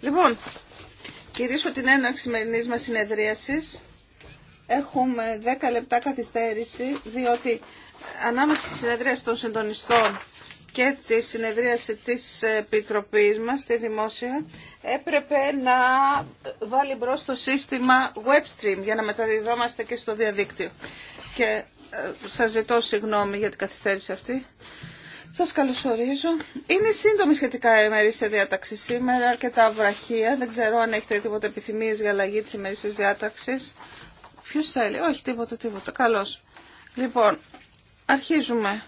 Λοιπόν, κηρύσω την έναρξη σημερινή μα συνεδρίαση. Έχουμε 10 λεπτά καθυστέρηση, διότι ανάμεσα στη συνεδρίαση των συντονιστών και τη συνεδρίαση της Επιτροπή μα τη δημόσια, έπρεπε να βάλει μπρο το σύστημα webstream για να μεταδιδόμαστε και στο διαδίκτυο. Και ε, σας ζητώ συγγνώμη για την καθυστέρηση αυτή. Σας καλωσορίζω. Είναι σύντομη σχετικά η ημερήσια διάταξη σήμερα, αρκετά βραχία. Δεν ξέρω αν έχετε τίποτα επιθυμίε για αλλαγή τη ημερήσια διάταξη. Ποιος θέλει. Όχι, τίποτα, τίποτα. Καλώ. Λοιπόν, αρχίζουμε.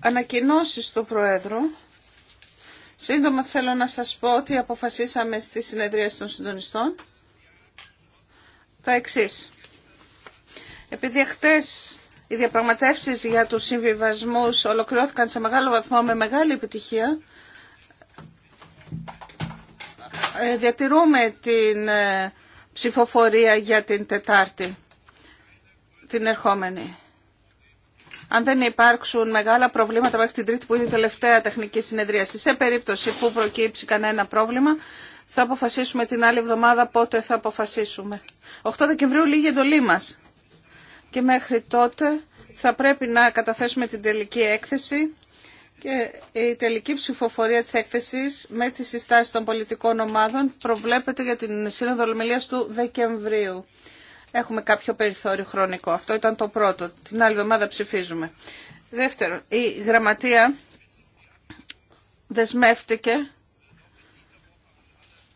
Ανακοινώσει του Προέδρου. Σύντομα θέλω να σας πω ότι αποφασίσαμε στη συνεδρία των συντονιστών τα εξής. Επειδή χτες οι διαπραγματεύσεις για τους συμβιβασμούς ολοκληρώθηκαν σε μεγάλο βαθμό με μεγάλη επιτυχία. Ε, διατηρούμε την ε, ψηφοφορία για την Τετάρτη, την ερχόμενη. Αν δεν υπάρξουν μεγάλα προβλήματα μέχρι την Τρίτη που είναι η τελευταία τεχνική συνεδρίαση, σε περίπτωση που προκύψει κανένα πρόβλημα, θα αποφασίσουμε την άλλη εβδομάδα πότε θα αποφασίσουμε. 8 Δεκεμβρίου λίγη εντολή μας και μέχρι τότε θα πρέπει να καταθέσουμε την τελική έκθεση και η τελική ψηφοφορία της έκθεσης με τις συστάσεις των πολιτικών ομάδων προβλέπεται για την Σύνοδο Ολομελίας του Δεκεμβρίου. Έχουμε κάποιο περιθώριο χρονικό. Αυτό ήταν το πρώτο. Την άλλη εβδομάδα ψηφίζουμε. Δεύτερο, η γραμματεία δεσμεύτηκε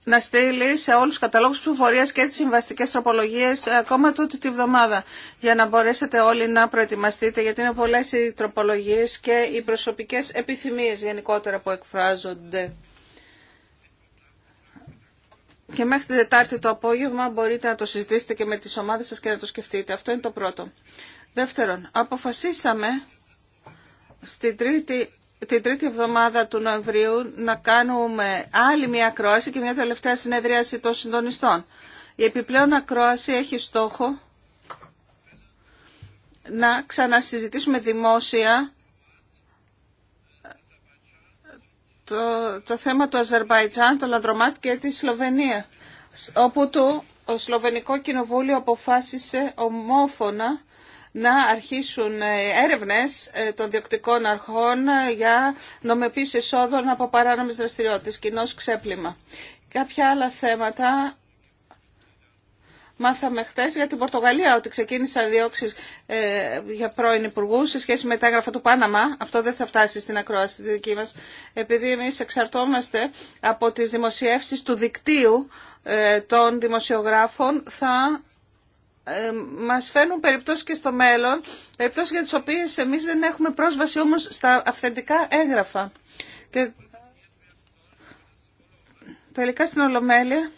να στείλει σε όλους τους καταλόγους ψηφοφορίας και τις συμβαστικές τροπολογίες ε, ακόμα τούτη τη βδομάδα για να μπορέσετε όλοι να προετοιμαστείτε γιατί είναι πολλές οι τροπολογίες και οι προσωπικές επιθυμίες γενικότερα που εκφράζονται. Και μέχρι την Τετάρτη το απόγευμα μπορείτε να το συζητήσετε και με τις ομάδες σας και να το σκεφτείτε. Αυτό είναι το πρώτο. Δεύτερον, αποφασίσαμε στην τρίτη την τρίτη εβδομάδα του Νοεμβρίου να κάνουμε άλλη μια ακρόαση και μια τελευταία συνεδρίαση των συντονιστών. Η επιπλέον ακρόαση έχει στόχο να ξανασυζητήσουμε δημόσια το, το θέμα του Αζερβαϊτζάν, το Λανδρομάτ και τη Σλοβενία, όπου το, Σλοβενικό Κοινοβούλιο αποφάσισε ομόφωνα να αρχίσουν ε, έρευνες ε, των διοκτικών αρχών ε, για νομοποίηση εισόδων από παράνομες δραστηριότητες, κοινό ξέπλυμα. Κάποια άλλα θέματα μάθαμε χθε για την Πορτογαλία ότι ξεκίνησαν διώξει για πρώην υπουργού σε σχέση με τα έγγραφα του Πάναμα. Αυτό δεν θα φτάσει στην ακρόαση τη δική μα, επειδή εμεί εξαρτώμαστε από τι δημοσιεύσει του δικτύου των δημοσιογράφων. Θα ε, μας φαίνουν περιπτώσεις και στο μέλλον, περιπτώσεις για τις οποίες εμείς δεν έχουμε πρόσβαση όμως στα αυθεντικά έγγραφα. Και... Τελικά στην Ολομέλεια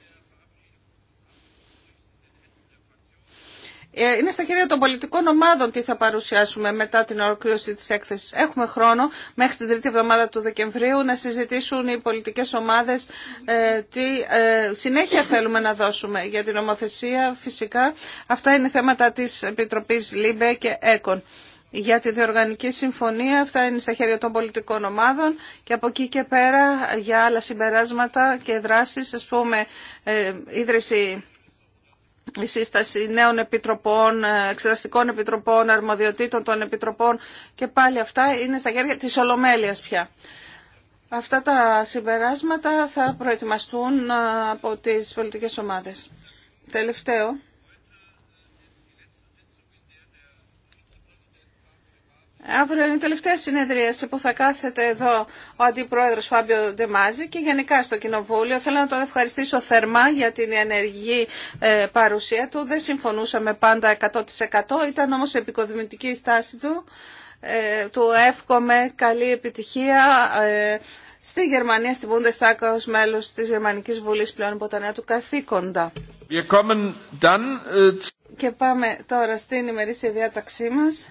Ε, είναι στα χέρια των πολιτικών ομάδων τι θα παρουσιάσουμε μετά την ολοκλήρωση της έκθεσης. Έχουμε χρόνο μέχρι την τρίτη εβδομάδα του Δεκεμβρίου να συζητήσουν οι πολιτικές ομάδες ε, τι ε, συνέχεια θέλουμε να δώσουμε για την ομοθεσία φυσικά. Αυτά είναι θέματα της Επιτροπής ΛΥΜΠΕ και ΕΚΟΝ. Για τη διοργανική συμφωνία αυτά είναι στα χέρια των πολιτικών ομάδων και από εκεί και πέρα για άλλα συμπεράσματα και δράσεις, ας πούμε, ίδρυση η σύσταση νέων επιτροπών, ε, εξεταστικών επιτροπών, αρμοδιοτήτων των επιτροπών και πάλι αυτά είναι στα χέρια της Ολομέλειας πια. Αυτά τα συμπεράσματα θα προετοιμαστούν ε, από τις πολιτικές ομάδες. Τελευταίο. Αύριο είναι η τελευταία συνεδρίαση που θα κάθεται εδώ ο Αντιπρόεδρος Φάμπιο Ντεμάζη και γενικά στο Κοινοβούλιο. Θέλω να τον ευχαριστήσω θερμά για την ενεργή ε, παρουσία του. Δεν συμφωνούσαμε πάντα 100%. Ήταν όμως επικοδημητική η στάση του. Ε, του εύχομαι καλή επιτυχία ε, στη Γερμανία, στην Bundestag ω μέλο τη Γερμανικής Βουλής πλέον από τα νέα του καθήκοντα. Και πάμε τώρα στην ημερήσια διάταξή μας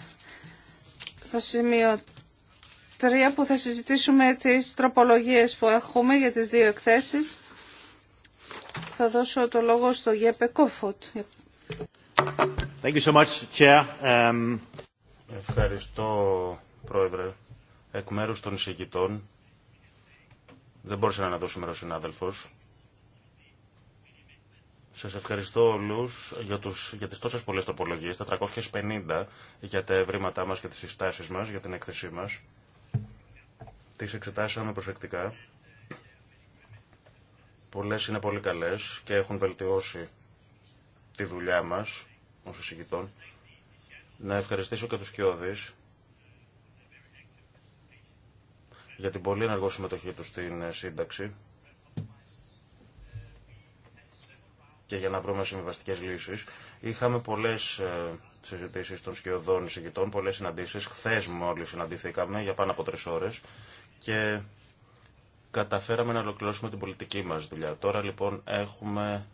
στο σημείο 3 που θα συζητήσουμε τις τροπολογίες που έχουμε για τις δύο εκθέσεις. Θα δώσω το λόγο στο Γέπε Κόφωτ. Thank you so much, Um... Ευχαριστώ, Πρόεδρε. Εκ μέρους των εισηγητών, δεν μπορούσε να αναδώ μέρος ο συνάδελφος, σας ευχαριστώ όλου για, για τις τόσες πολλές τοπολογίες, τα 350 για τα ευρήματά μας και τις συστάσεις μας, για την έκθεσή μας. Τις εξετάσαμε προσεκτικά. Πολλέ είναι πολύ καλές και έχουν βελτιώσει τη δουλειά μας ως εισηγητών. Να ευχαριστήσω και τους Κιώδη για την πολύ ενεργό συμμετοχή τους στην σύνταξη. και για να βρούμε συμβιβαστικέ λύσει. Είχαμε πολλέ ε, συζητήσει των σκιωδών εισηγητών, πολλέ συναντήσει. Χθε μόλι συναντηθήκαμε για πάνω από τρει ώρε και καταφέραμε να ολοκληρώσουμε την πολιτική μα δουλειά. Τώρα λοιπόν έχουμε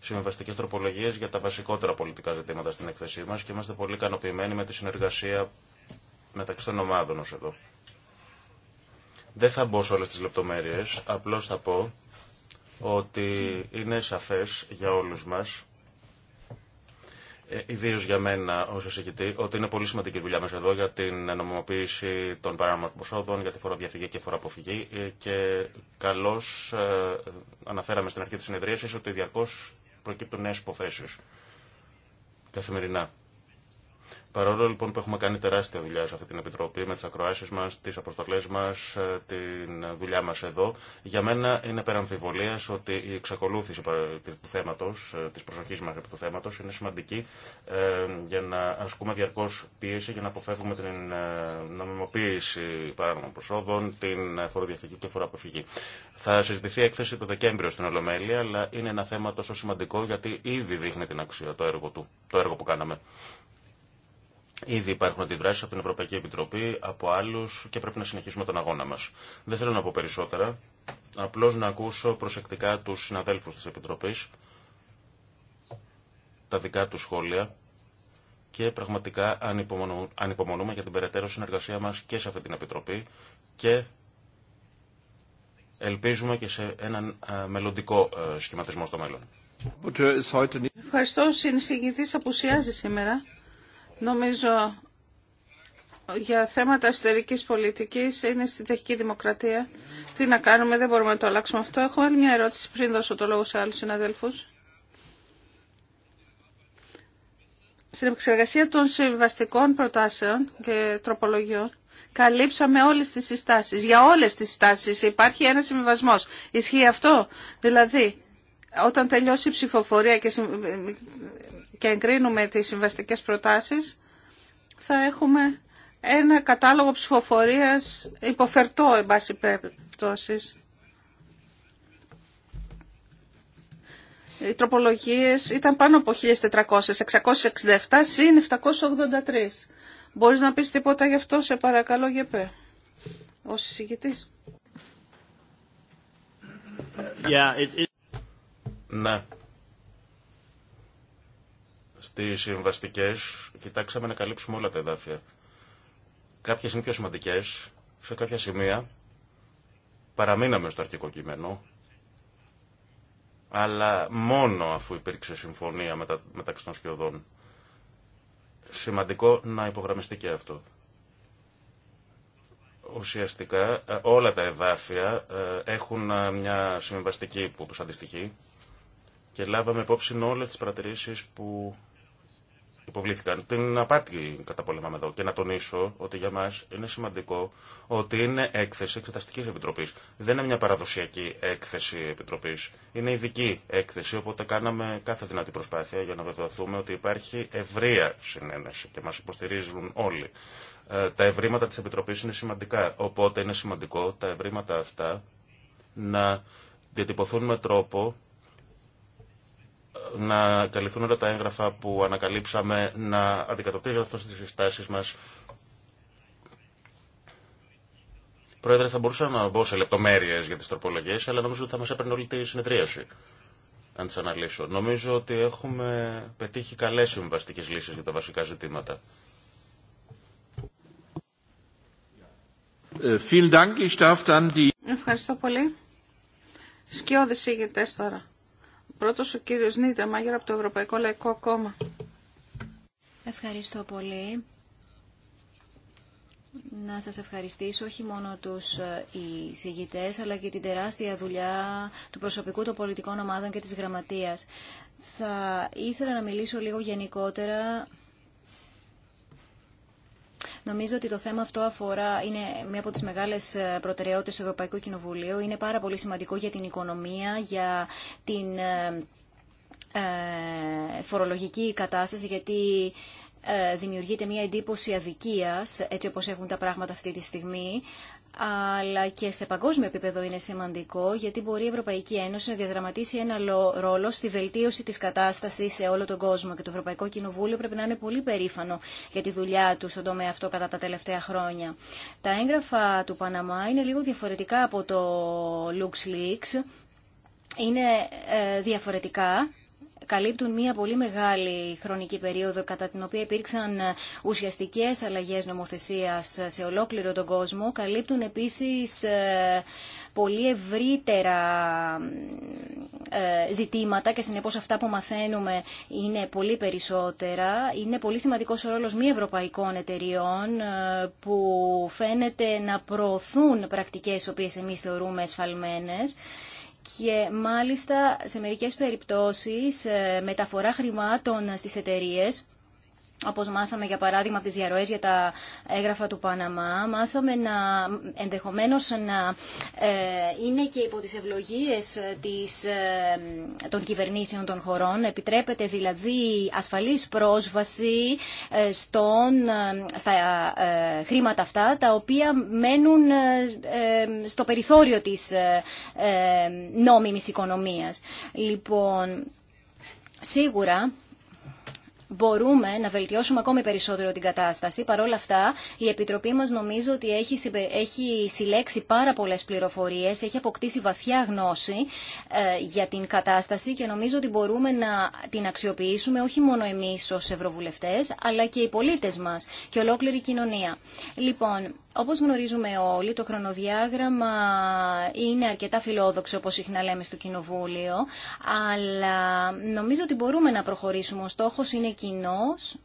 συμβαστικέ τροπολογίε για τα βασικότερα πολιτικά ζητήματα στην εκθεσή μα και είμαστε πολύ ικανοποιημένοι με τη συνεργασία μεταξύ των ομάδων ω εδώ. Δεν θα μπω σε όλε τι λεπτομέρειε, απλώ θα πω ότι είναι σαφές για όλους μας, ε, ιδίω για μένα ως εισηγητή, ότι είναι πολύ σημαντική δουλειά μας εδώ για την νομιμοποίηση των παράνομων προσόδων, για τη φοροδιαφυγή και φοροαποφυγή ε, και καλώς ε, αναφέραμε στην αρχή της συνεδρίασης ότι διαρκώς προκύπτουν νέες υποθέσεις καθημερινά. Παρόλο λοιπόν που έχουμε κάνει τεράστια δουλειά σε αυτή την Επιτροπή, με τι ακροάσει μα, τι αποστολέ μα, ε, την δουλειά μα εδώ, για μένα είναι πέρα αμφιβολία ότι η εξακολούθηση του θέματο, ε, τη προσοχή μα επί του θέματο, είναι σημαντική ε, για να ασκούμε διαρκώ πίεση για να αποφεύγουμε την νομιμοποίηση παράνομων προσόδων, την φοροδιαφυγή και φοροαποφυγή. Θα συζητηθεί έκθεση το Δεκέμβριο στην Ολομέλεια, αλλά είναι ένα θέμα τόσο σημαντικό γιατί ήδη δείχνει την αξία το έργο, του, το έργο που κάναμε. Ήδη υπάρχουν αντιδράσει από την Ευρωπαϊκή Επιτροπή, από άλλου και πρέπει να συνεχίσουμε τον αγώνα μα. Δεν θέλω να πω περισσότερα. Απλώ να ακούσω προσεκτικά του συναδέλφου τη Επιτροπή, τα δικά του σχόλια και πραγματικά ανυπομονούμε για την περαιτέρω συνεργασία μα και σε αυτή την Επιτροπή και ελπίζουμε και σε έναν ε, μελλοντικό ε, σχηματισμό στο μέλλον. Ευχαριστώ. απουσιάζει σήμερα. Νομίζω για θέματα εσωτερικής πολιτικής είναι στην Τσεχική Δημοκρατία. Τι να κάνουμε, δεν μπορούμε να το αλλάξουμε αυτό. Έχω άλλη μια ερώτηση πριν δώσω το λόγο σε άλλους συναδέλφους. Στην επεξεργασία των συμβαστικών προτάσεων και τροπολογιών, καλύψαμε όλες τις συστάσεις. Για όλες τις συστάσεις υπάρχει ένα συμβιβασμό. Ισχύει αυτό. Δηλαδή, όταν τελειώσει η ψηφοφορία και και εγκρίνουμε τις συμβαστικές προτάσεις, θα έχουμε ένα κατάλογο ψηφοφορίας υποφερτό, εν πάση Οι τροπολογίες ήταν πάνω από 1.400, 667 συν 783. Μπορείς να πεις τίποτα γι' αυτό, σε παρακαλώ, Γεπέ, ως εισηγητής. Yeah, it, ναι. Στις συμβαστικές κοιτάξαμε να καλύψουμε όλα τα εδάφια. Κάποιες είναι πιο σημαντικές. Σε κάποια σημεία παραμείναμε στο αρχικό κείμενο, αλλά μόνο αφού υπήρξε συμφωνία μετα... μεταξύ των σκιωδών. Σημαντικό να υπογραμμιστεί και αυτό. Ουσιαστικά ε, όλα τα εδάφια ε, έχουν ε, μια συμβαστική που τους αντιστοιχεί και λάβαμε υπόψη όλες τις παρατηρήσεις που υποβλήθηκαν. Την απάτη καταπολεμάμε εδώ. Και να τονίσω ότι για μα είναι σημαντικό ότι είναι έκθεση εξεταστική επιτροπή. Δεν είναι μια παραδοσιακή έκθεση επιτροπή. Είναι ειδική έκθεση, οπότε κάναμε κάθε δυνατή προσπάθεια για να βεβαιωθούμε ότι υπάρχει ευρεία συνένεση και μα υποστηρίζουν όλοι. Ε, τα ευρήματα τη επιτροπή είναι σημαντικά. Οπότε είναι σημαντικό τα ευρήματα αυτά να διατυπωθούν με τρόπο να καλυφθούν όλα τα έγγραφα που ανακαλύψαμε, να αντικατοπτρίζουν αυτό στις συστάσεις μας. Πρόεδρε, θα μπορούσα να μπω σε λεπτομέρειες για τις τροπολογίες, αλλά νομίζω ότι θα μας έπαιρνε όλη τη συνεδρίαση, αν τις αναλύσω. Νομίζω ότι έχουμε πετύχει καλές συμβαστικές λύσεις για τα βασικά ζητήματα. Ε, Ευχαριστώ πολύ. Σκιώδης ηγητές τώρα. Πρώτος ο κύριος Νίτερ, Μάγερ από το Ευρωπαϊκό Λαϊκό Κόμμα. Ευχαριστώ πολύ. Να σας ευχαριστήσω όχι μόνο τους εισηγητές, αλλά και την τεράστια δουλειά του προσωπικού των πολιτικών ομάδων και της γραμματείας. Θα ήθελα να μιλήσω λίγο γενικότερα Νομίζω ότι το θέμα αυτό αφορά, είναι μία από τις μεγάλες ε, προτεραιότητες του Ευρωπαϊκού Κοινοβουλίου. Είναι πάρα πολύ σημαντικό για την οικονομία, για την ε, ε, φορολογική κατάσταση, γιατί δημιουργείται μια εντύπωση αδικίας, έτσι όπως έχουν τα πράγματα αυτή τη στιγμή αλλά και σε παγκόσμιο επίπεδο είναι σημαντικό, γιατί μπορεί η Ευρωπαϊκή Ένωση να διαδραματίσει ένα ρόλο στη βελτίωση της κατάστασης σε όλο τον κόσμο. Και το Ευρωπαϊκό Κοινοβούλιο πρέπει να είναι πολύ περήφανο για τη δουλειά του στον τομέα αυτό κατά τα τελευταία χρόνια. Τα έγγραφα του Παναμά είναι λίγο διαφορετικά από το LuxLeaks. Είναι ε, διαφορετικά καλύπτουν μια πολύ μεγάλη χρονική περίοδο κατά την οποία υπήρξαν ε, ουσιαστικές αλλαγές νομοθεσίας ε, σε ολόκληρο τον κόσμο. Καλύπτουν επίσης ε, πολύ ευρύτερα ζητήματα και συνεπώς αυτά που μαθαίνουμε είναι πολύ περισσότερα. Είναι πολύ σημαντικός ο ρόλος μη ευρωπαϊκών εταιριών που φαίνεται να προωθούν πρακτικές οποίες εμείς θεωρούμε εσφαλμένες και μάλιστα σε μερικές περιπτώσεις ε, μεταφορά χρημάτων στις εταιρείες όπως μάθαμε για παράδειγμα από τις διαρροές για τα έγγραφα του Παναμά, μάθαμε να ενδεχομένως να ε, είναι και υπό τις ευλογίες ε, των κυβερνήσεων των χωρών. Επιτρέπεται δηλαδή ασφαλής πρόσβαση ε, στον, στα χρήματα αυτά, τα οποία μένουν στο περιθώριο της νόμιμης οικονομίας. Λοιπόν, σίγουρα μπορούμε να βελτιώσουμε ακόμη περισσότερο την κατάσταση. Παρ' όλα αυτά, η Επιτροπή μας νομίζω ότι έχει συλλέξει πάρα πολλές πληροφορίες, έχει αποκτήσει βαθιά γνώση ε, για την κατάσταση και νομίζω ότι μπορούμε να την αξιοποιήσουμε όχι μόνο εμείς ως Ευρωβουλευτές, αλλά και οι πολίτες μας και ολόκληρη η κοινωνία. Λοιπόν, όπως γνωρίζουμε όλοι, το χρονοδιάγραμμα είναι αρκετά φιλόδοξο, όπως συχνά λέμε στο Κοινοβούλιο, αλλά νομίζω ότι μπορούμε να προχωρήσουμε. Ο στόχος είναι κοινός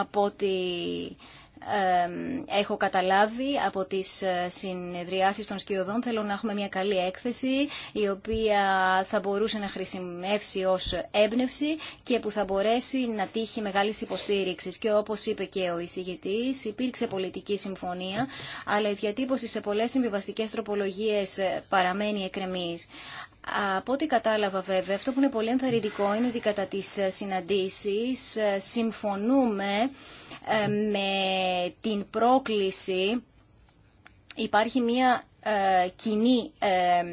από τη έχω καταλάβει από τις ε, συνεδριάσεις των σκιωδών. Θέλω να έχουμε μια καλή έκθεση η οποία θα μπορούσε να χρησιμεύσει ως έμπνευση και που θα μπορέσει να τύχει μεγάλη υποστήριξης. Και όπως είπε και ο εισηγητής, υπήρξε πολιτική συμφωνία, αλλά η διατύπωση σε πολλές συμβιβαστικές τροπολογίες ε, παραμένει εκκρεμής. Από ό,τι κατάλαβα βέβαια, αυτό που είναι πολύ ενθαρρυντικό είναι ότι κατά τις ε, συναντήσεις συμφωνούμε ε, με την πρόκληση υπάρχει μια ε, κοινή, ε,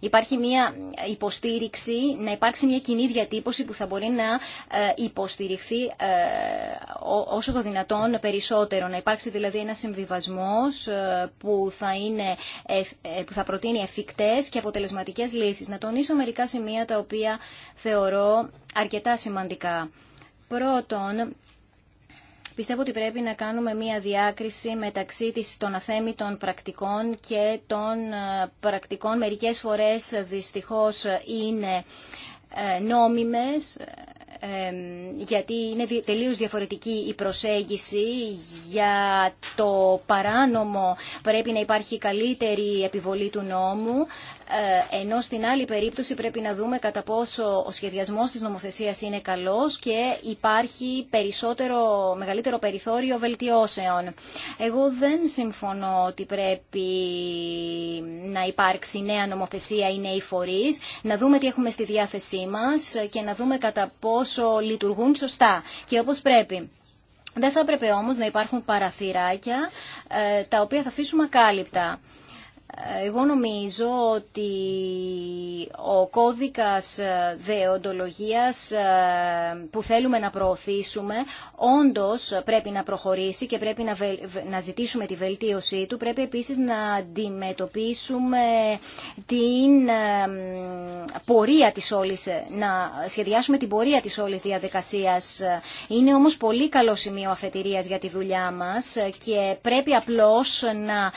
υπάρχει μια υποστήριξη, να υπάρξει μια κοινή διατύπωση που θα μπορεί να υποστηριχθεί όσο το δυνατόν περισσότερο. Να υπάρξει δηλαδή ένα συμβιβασμός που θα, είναι, που θα προτείνει εφικτές και αποτελεσματικές λύσεις. Να τονίσω μερικά σημεία τα οποία θεωρώ αρκετά σημαντικά. Πρώτον, Πιστεύω ότι πρέπει να κάνουμε μία διάκριση μεταξύ των αθέμητων πρακτικών και των ε, πρακτικών μερικές φορές ε, δυστυχώς ε, είναι νόμιμες γιατί είναι τελείως διαφορετική η προσέγγιση για το παράνομο πρέπει να υπάρχει καλύτερη επιβολή του νόμου ε, ενώ στην άλλη περίπτωση πρέπει να δούμε κατά πόσο ο σχεδιασμός της νομοθεσίας είναι καλός και υπάρχει περισσότερο, μεγαλύτερο περιθώριο βελτιώσεων. Εγώ δεν συμφωνώ ότι πρέπει να υπάρξει νέα νομοθεσία ή νέοι φορείς, να δούμε τι έχουμε στη διάθεσή μας και να δούμε κατά πόσο λειτουργούν σωστά και όπως πρέπει. Δεν θα έπρεπε όμως να υπάρχουν παραθυράκια ε, τα οποία θα αφήσουμε ακάλυπτα. Εγώ νομίζω ότι ο κώδικας ε, δεοντολογίας ε, που θέλουμε να προωθήσουμε όντως πρέπει να προχωρήσει και πρέπει να ζητήσουμε τη βελτίωσή του. Πρέπει επίσης να αντιμετωπίσουμε την ε, πορεία της όλης, να σχεδιάσουμε την πορεία της όλης διαδικασίας. Είναι όμως πολύ καλό σημείο αφετηρίας για τη δουλειά μας και πρέπει απλώς να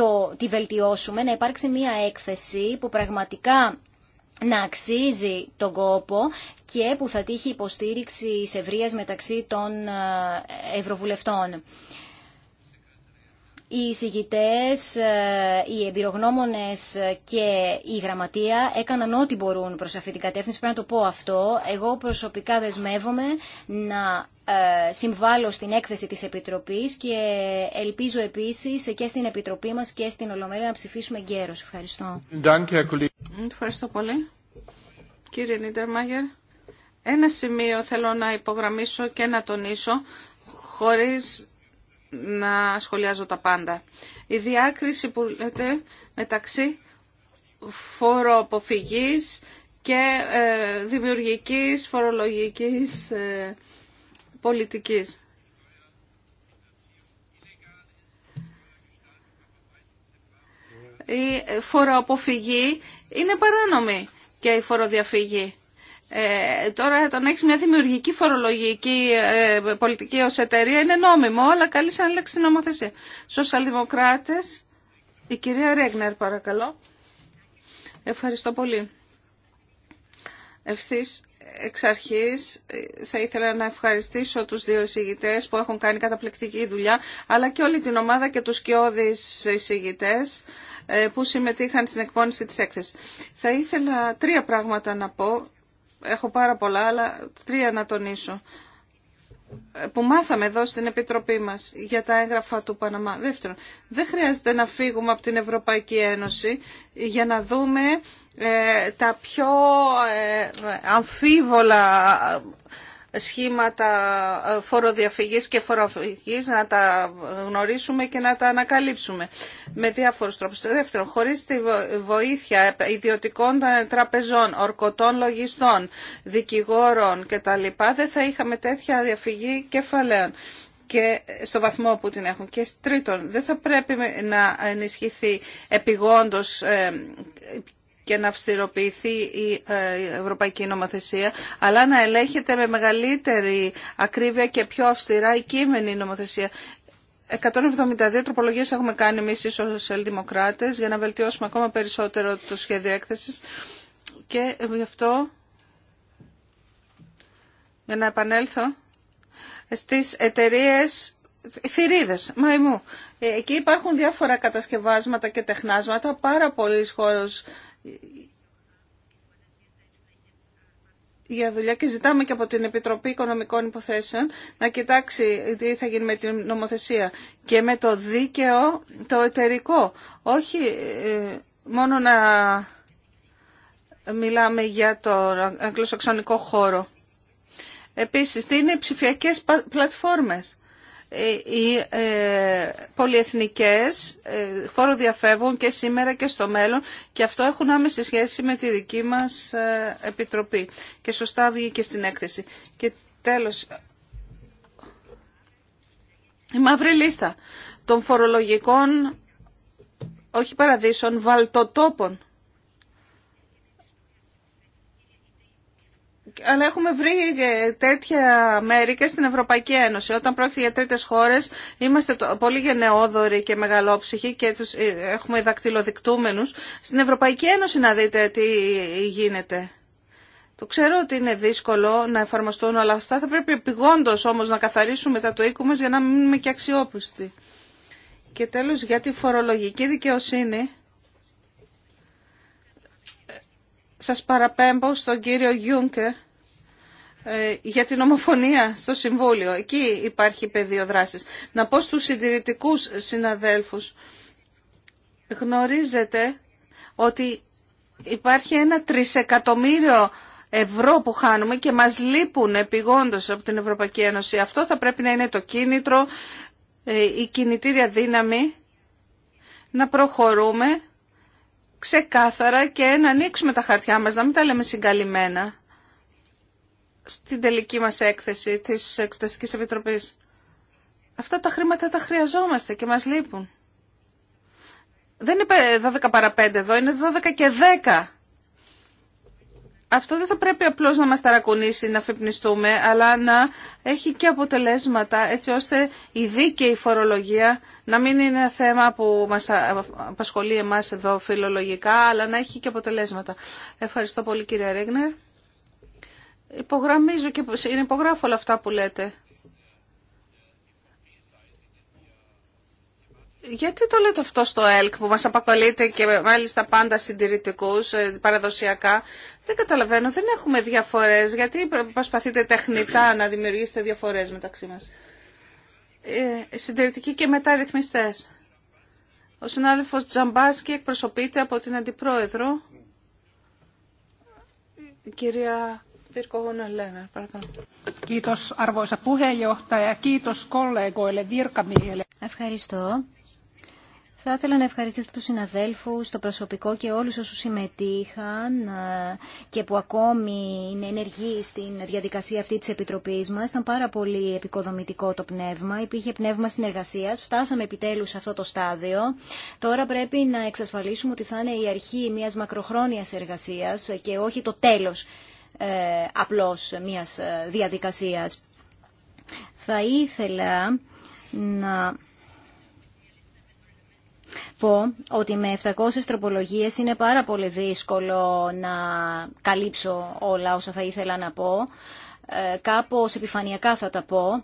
το, τη βελτιώσουμε, να υπάρξει μια έκθεση που πραγματικά να αξίζει τον κόπο και που θα τύχει υποστήριξη ευρεία μεταξύ των ε, ευρωβουλευτών οι εισηγητές, ε, οι εμπειρογνώμονες και η γραμματεία έκαναν ό,τι μπορούν προς αυτή την κατεύθυνση. Πρέπει να το πω αυτό. Εγώ προσωπικά δεσμεύομαι να ε, συμβάλλω στην έκθεση της Επιτροπής και ελπίζω επίσης και στην Επιτροπή μας και στην Ολομέλεια να ψηφίσουμε γέρο. Ευχαριστώ. Ευχαριστώ πολύ. Κύριε Νίτερμαγερ, ένα σημείο θέλω να υπογραμμίσω και να τονίσω χωρίς να σχολιάζω τα πάντα. Η διάκριση που λέτε μεταξύ φοροαποφυγής και ε, δημιουργικής φορολογικής ε, πολιτικής. Η φοροαποφυγή είναι παράνομη και η φοροδιαφυγή. Ε, τώρα το να έχει μια δημιουργική φορολογική ε, πολιτική ω εταιρεία είναι νόμιμο, αλλά καλή σαν λέξη νομοθεσία. Σοσιαλδημοκράτες, η κυρία Ρέγνερ παρακαλώ. Ευχαριστώ πολύ. Ευθύ εξ αρχή ε, θα ήθελα να ευχαριστήσω του δύο εισηγητέ που έχουν κάνει καταπληκτική δουλειά, αλλά και όλη την ομάδα και τους κοιόδης εισηγητές ε, που συμμετείχαν στην εκπόνηση της έκθεσης. Θα ήθελα τρία πράγματα να πω έχω πάρα πολλά, αλλά τρία να τονίσω, ε, που μάθαμε εδώ στην Επιτροπή μας για τα έγγραφα του Παναμά. Δεύτερον, δεν χρειάζεται να φύγουμε από την Ευρωπαϊκή Ένωση για να δούμε ε, τα πιο ε, αμφίβολα σχήματα ε, φοροδιαφυγής και φοροφυγής, να τα γνωρίσουμε και να τα ανακαλύψουμε με διάφορους τρόπους. Δεύτερον, χωρίς τη βοήθεια ιδιωτικών τραπεζών, ορκωτών λογιστών, δικηγόρων κτλ. δεν θα είχαμε τέτοια διαφυγή κεφαλαίων και στο βαθμό που την έχουν. Και τρίτον, δεν θα πρέπει να ενισχυθεί επιγόντως ε, και να αυστηροποιηθεί ε, η ευρωπαϊκή νομοθεσία, αλλά να ελέγχεται με μεγαλύτερη ακρίβεια και πιο αυστηρά η κείμενη νομοθεσία. 172 τροπολογίε έχουμε κάνει εμεί οι σοσιαλδημοκράτε για να βελτιώσουμε ακόμα περισσότερο το σχέδιο έκθεση και γι' αυτό για να επανέλθω στις εταιρείε θηρίδες, μαϊμού. Εκεί υπάρχουν διάφορα κατασκευάσματα και τεχνάσματα, πάρα πολλοί χώρος για δουλειά και ζητάμε και από την Επιτροπή Οικονομικών Υποθέσεων να κοιτάξει τι θα γίνει με την νομοθεσία και με το δίκαιο το εταιρικό. Όχι ε, μόνο να μιλάμε για το αγγλοσαξονικό χώρο. Επίσης, τι είναι οι ψηφιακές πλατφόρμες οι ε, πολυεθνικές χώρο ε, διαφεύγουν και σήμερα και στο μέλλον και αυτό έχουν άμεση σχέση με τη δική μας ε, επιτροπή και σωστά βγήκε στην έκθεση. Και τέλος, η μαύρη λίστα των φορολογικών, όχι παραδείσων, βαλτοτόπων. αλλά έχουμε βρει τέτοια μέρη και στην Ευρωπαϊκή Ένωση. Όταν πρόκειται για τρίτες χώρες είμαστε πολύ γενναιόδοροι και μεγαλόψυχοι και τους ε, έχουμε δακτυλοδεικτούμενους. Στην Ευρωπαϊκή Ένωση να δείτε τι γίνεται. Το ξέρω ότι είναι δύσκολο να εφαρμοστούν όλα αυτά. Θα πρέπει επιγόντω όμως να καθαρίσουμε τα το οίκου μα για να μείνουμε και αξιόπιστοι. Και τέλο για τη φορολογική δικαιοσύνη. Σας παραπέμπω στον κύριο Γιούνκερ ε, για την ομοφωνία στο Συμβούλιο. Εκεί υπάρχει πεδίο δράσης. Να πω στους συντηρητικούς συναδέλφους. Γνωρίζετε ότι υπάρχει ένα τρισεκατομμύριο ευρώ που χάνουμε και μας λείπουν επιγόντως από την Ευρωπαϊκή Ένωση. Αυτό θα πρέπει να είναι το κίνητρο, ε, η κινητήρια δύναμη να προχωρούμε ξεκάθαρα και να ανοίξουμε τα χαρτιά μας, να μην τα λέμε συγκαλυμμένα στην τελική μας έκθεση της Εξεταστικής Επιτροπής. Αυτά τα χρήματα τα χρειαζόμαστε και μας λείπουν. Δεν είναι 12 παρα 5 εδώ, είναι 12 και 10 αυτό δεν θα πρέπει απλώς να μας ταρακουνήσει, να φυπνιστούμε, αλλά να έχει και αποτελέσματα, έτσι ώστε η δίκαιη φορολογία να μην είναι ένα θέμα που μας απασχολεί εμάς εδώ φιλολογικά, αλλά να έχει και αποτελέσματα. Ευχαριστώ πολύ κύριε Ρέγνερ. Υπογραμμίζω και είναι υπογράφω όλα αυτά που λέτε. Γιατί το λέτε αυτό στο ΕΛΚ που μας απακολείται και μάλιστα πάντα συντηρητικούς, ε, παραδοσιακά. Δεν καταλαβαίνω, δεν έχουμε διαφορές. Γιατί προσπαθείτε τεχνητά να δημιουργήσετε διαφορές μεταξύ μας. Ε, συντηρητικοί και μεταρρυθμιστές. Ο συνάδελφος Τζαμπάσκι εκπροσωπείται από την Αντιπρόεδρο. Κυρία Ευχαριστώ. Θα ήθελα να ευχαριστήσω τους συναδέλφους, το προσωπικό και όλους όσους συμμετείχαν ε, και που ακόμη είναι ενεργοί στην διαδικασία αυτή της Επιτροπής μας. Ήταν πάρα πολύ επικοδομητικό το πνεύμα, υπήρχε πνεύμα συνεργασίας, φτάσαμε επιτέλους σε αυτό το στάδιο. Τώρα πρέπει να εξασφαλίσουμε ότι θα είναι η αρχή μιας μακροχρόνιας εργασίας και όχι το τέλος ε, απλώς μιας ε, διαδικασίας. Θα ήθελα να πω ότι με 700 τροπολογίες είναι πάρα πολύ δύσκολο να καλύψω όλα όσα θα ήθελα να πω. Ε, κάπως επιφανειακά θα τα πω.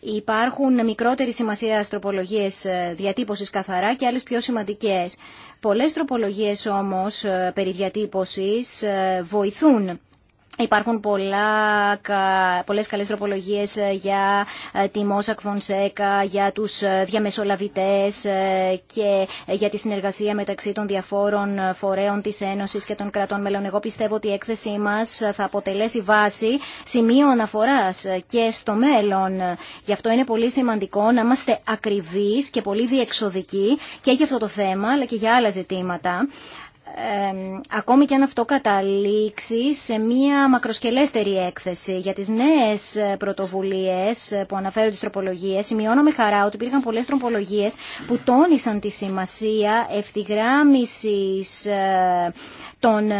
Υπάρχουν μικρότερη σημασία τροπολογίες ε, διατύπωσης καθαρά και άλλες πιο σημαντικές. Πολλές τροπολογίες όμως ε, περί διατύπωσης βοηθούν Υπάρχουν πολλά, πολλές καλές τροπολογίες ε, για ε, τη Μόσακ Φονσέκα, για τους ε, διαμεσολαβητές και για τη συνεργασία μεταξύ των διαφόρων φορέων της Ένωσης και των κρατών μελών. Εγώ πιστεύω ότι η έκθεσή μας θα αποτελέσει βάση σημείο αναφοράς και στο μέλλον. Γι' αυτό είναι πολύ σημαντικό να είμαστε ακριβείς και πολύ διεξοδικοί και για αυτό το θέμα αλλά και για άλλα ζητήματα ακόμη και αν αυτό καταλήξει σε μία μακροσκελέστερη έκθεση για τις νέες ε, πρωτοβουλίες ε, που αναφέρονται στις τροπολογίες, σημειώνω με χαρά ότι υπήρχαν πολλές τροπολογίες που τόνισαν τη σημασία ευθυγράμμισης ε, των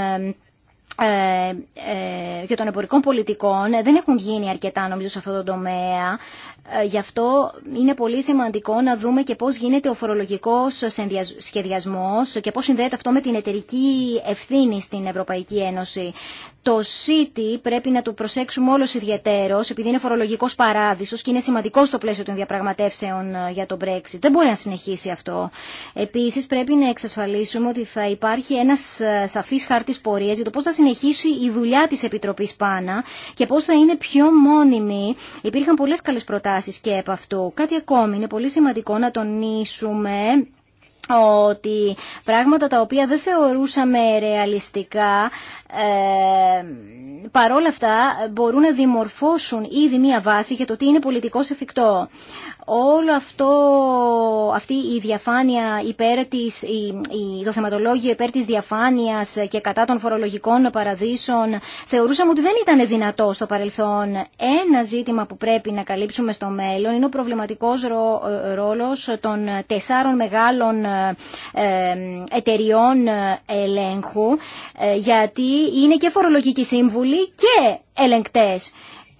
και των εμπορικών πολιτικών δεν έχουν γίνει αρκετά νομίζω σε αυτό το τομέα ε, γι' αυτό είναι πολύ σημαντικό να δούμε και πώς γίνεται ο φορολογικός σχεδιασμός και πώς συνδέεται αυτό με την εταιρική ευθύνη στην Ευρωπαϊκή Ένωση. Το City πρέπει να το προσέξουμε όλο ιδιαίτερο, επειδή είναι φορολογικό παράδεισο και είναι σημαντικό στο πλαίσιο των διαπραγματεύσεων ε, για το Brexit. Δεν μπορεί να συνεχίσει αυτό. Επίση, πρέπει να εξασφαλίσουμε ότι θα υπάρχει ένα ε, σαφή χάρτη πορεία για το πώ θα συνεχίσει η δουλειά τη Επιτροπή Πάνα και πώ θα είναι πιο μόνιμη. Υπήρχαν πολλέ καλέ προτάσει και από αυτό. Κάτι ακόμη, είναι πολύ σημαντικό να τονίσουμε ότι πράγματα τα οποία δεν θεωρούσαμε ρεαλιστικά ε, παρόλα αυτά μπορούν να δημορφώσουν ήδη μία βάση για το τι είναι πολιτικό εφικτό όλο αυτό, αυτή η διαφάνεια υπέρ της, η, η, το θεματολόγιο υπέρ της διαφάνειας και κατά των φορολογικών παραδείσων θεωρούσαμε ότι δεν ήταν δυνατό στο παρελθόν. Ένα ζήτημα που πρέπει να καλύψουμε στο μέλλον είναι ο προβληματικός ρο, ε, ρόλος των τεσσάρων μεγάλων ε, ε, εταιριών ελέγχου γιατί είναι και φορολογικοί σύμβουλοι και ελεγκτές.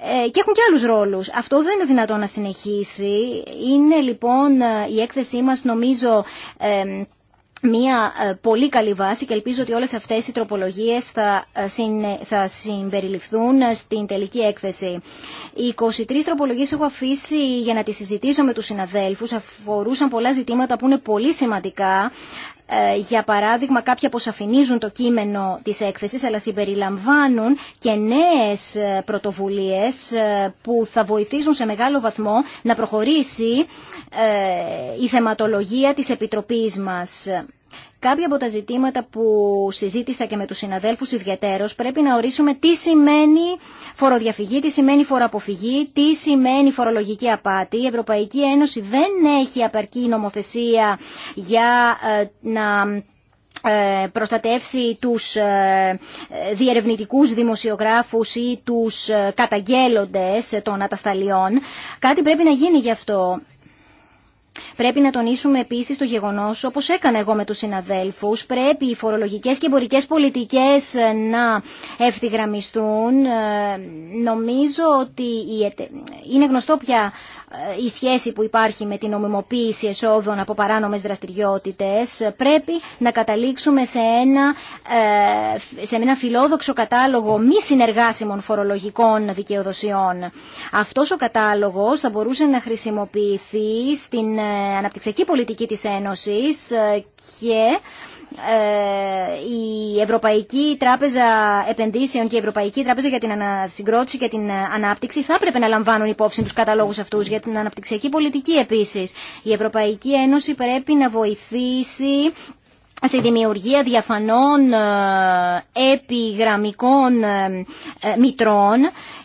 Ε, και έχουν και άλλους ρόλους. Αυτό δεν είναι δυνατόν να συνεχίσει. Είναι λοιπόν ε, η έκθεσή μας νομίζω ε, μια πολύ καλή βάση και ελπίζω ότι όλες αυτές οι τροπολογίες θα, θα συμπεριληφθούν στην τελική έκθεση. Οι 23 τροπολογίες έχω αφήσει για να τις συζητήσω με τους συναδέλφους, αφορούσαν πολλά ζητήματα που είναι πολύ σημαντικά ε, για παράδειγμα κάποια αποσαφηνίζουν το κείμενο της έκθεσης αλλά συμπεριλαμβάνουν και νέες ε, πρωτοβουλίες ε, που θα βοηθήσουν σε μεγάλο βαθμό να προχωρήσει η θεματολογία της Επιτροπής μας. Κάποια από τα ζητήματα που συζήτησα και με τους συναδέλφους ιδιαίτερος πρέπει να ορίσουμε τι σημαίνει φοροδιαφυγή, τι σημαίνει φοροαποφυγή, τι σημαίνει φορολογική απάτη. Η Ευρωπαϊκή Ένωση δεν έχει απαρκή νομοθεσία για ε, να ε, προστατεύσει τους ε, διερευνητικούς δημοσιογράφους ή τους καταγγέλλοντες των ατασταλιών. Κάτι πρέπει να γίνει γι' αυτό. Πρέπει να τονίσουμε επίση το γεγονό, όπω έκανα εγώ με του συναδέλφου, πρέπει οι φορολογικέ και εμπορικέ πολιτικέ ε, να ευθυγραμμιστούν. Ε, νομίζω ότι είναι γνωστό πια ε, η σχέση που υπάρχει με την νομιμοποίηση εσόδων από παράνομες δραστηριότητες πρέπει να καταλήξουμε σε ένα, ε, σε ένα φιλόδοξο κατάλογο μη συνεργάσιμων φορολογικών δικαιοδοσιών. Αυτός ο κατάλογος θα μπορούσε να χρησιμοποιηθεί στην ε, αναπτυξιακή πολιτική της Ένωσης και ε, η Ευρωπαϊκή Τράπεζα Επενδύσεων και η Ευρωπαϊκή Τράπεζα για την Ανασυγκρότηση και την Ανάπτυξη θα έπρεπε να λαμβάνουν υπόψη τους καταλόγους αυτούς για την αναπτυξιακή πολιτική επίσης. Η Ευρωπαϊκή Ένωση πρέπει να βοηθήσει στη δημιουργία διαφανών ε, επιγραμμικών ε, μητρών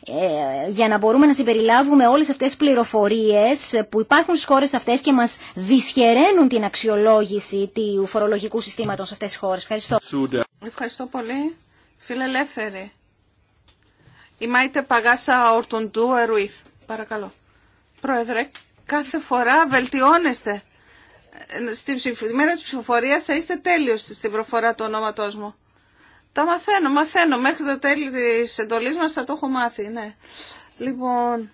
ε, για να μπορούμε να συμπεριλάβουμε όλες αυτές τις πληροφορίες που υπάρχουν στις χώρες αυτές και μας δυσχεραίνουν την αξιολόγηση του φορολογικού συστήματος σε αυτές τις χώρες. Ευχαριστώ. Ευχαριστώ πολύ. Φιλελεύθερη. Η Μάιτε Παγάσα Ορτοντού Ερουίθ. Παρακαλώ. Πρόεδρε, κάθε φορά βελτιώνεστε. Ε, Στη μέρα της ψηφοφορίας θα είστε τέλειος στην προφορά του ονόματός μου. Τα μαθαίνω, μαθαίνω. Μέχρι το τέλος της εντολής μας θα το έχω μάθει, ναι. Λοιπόν,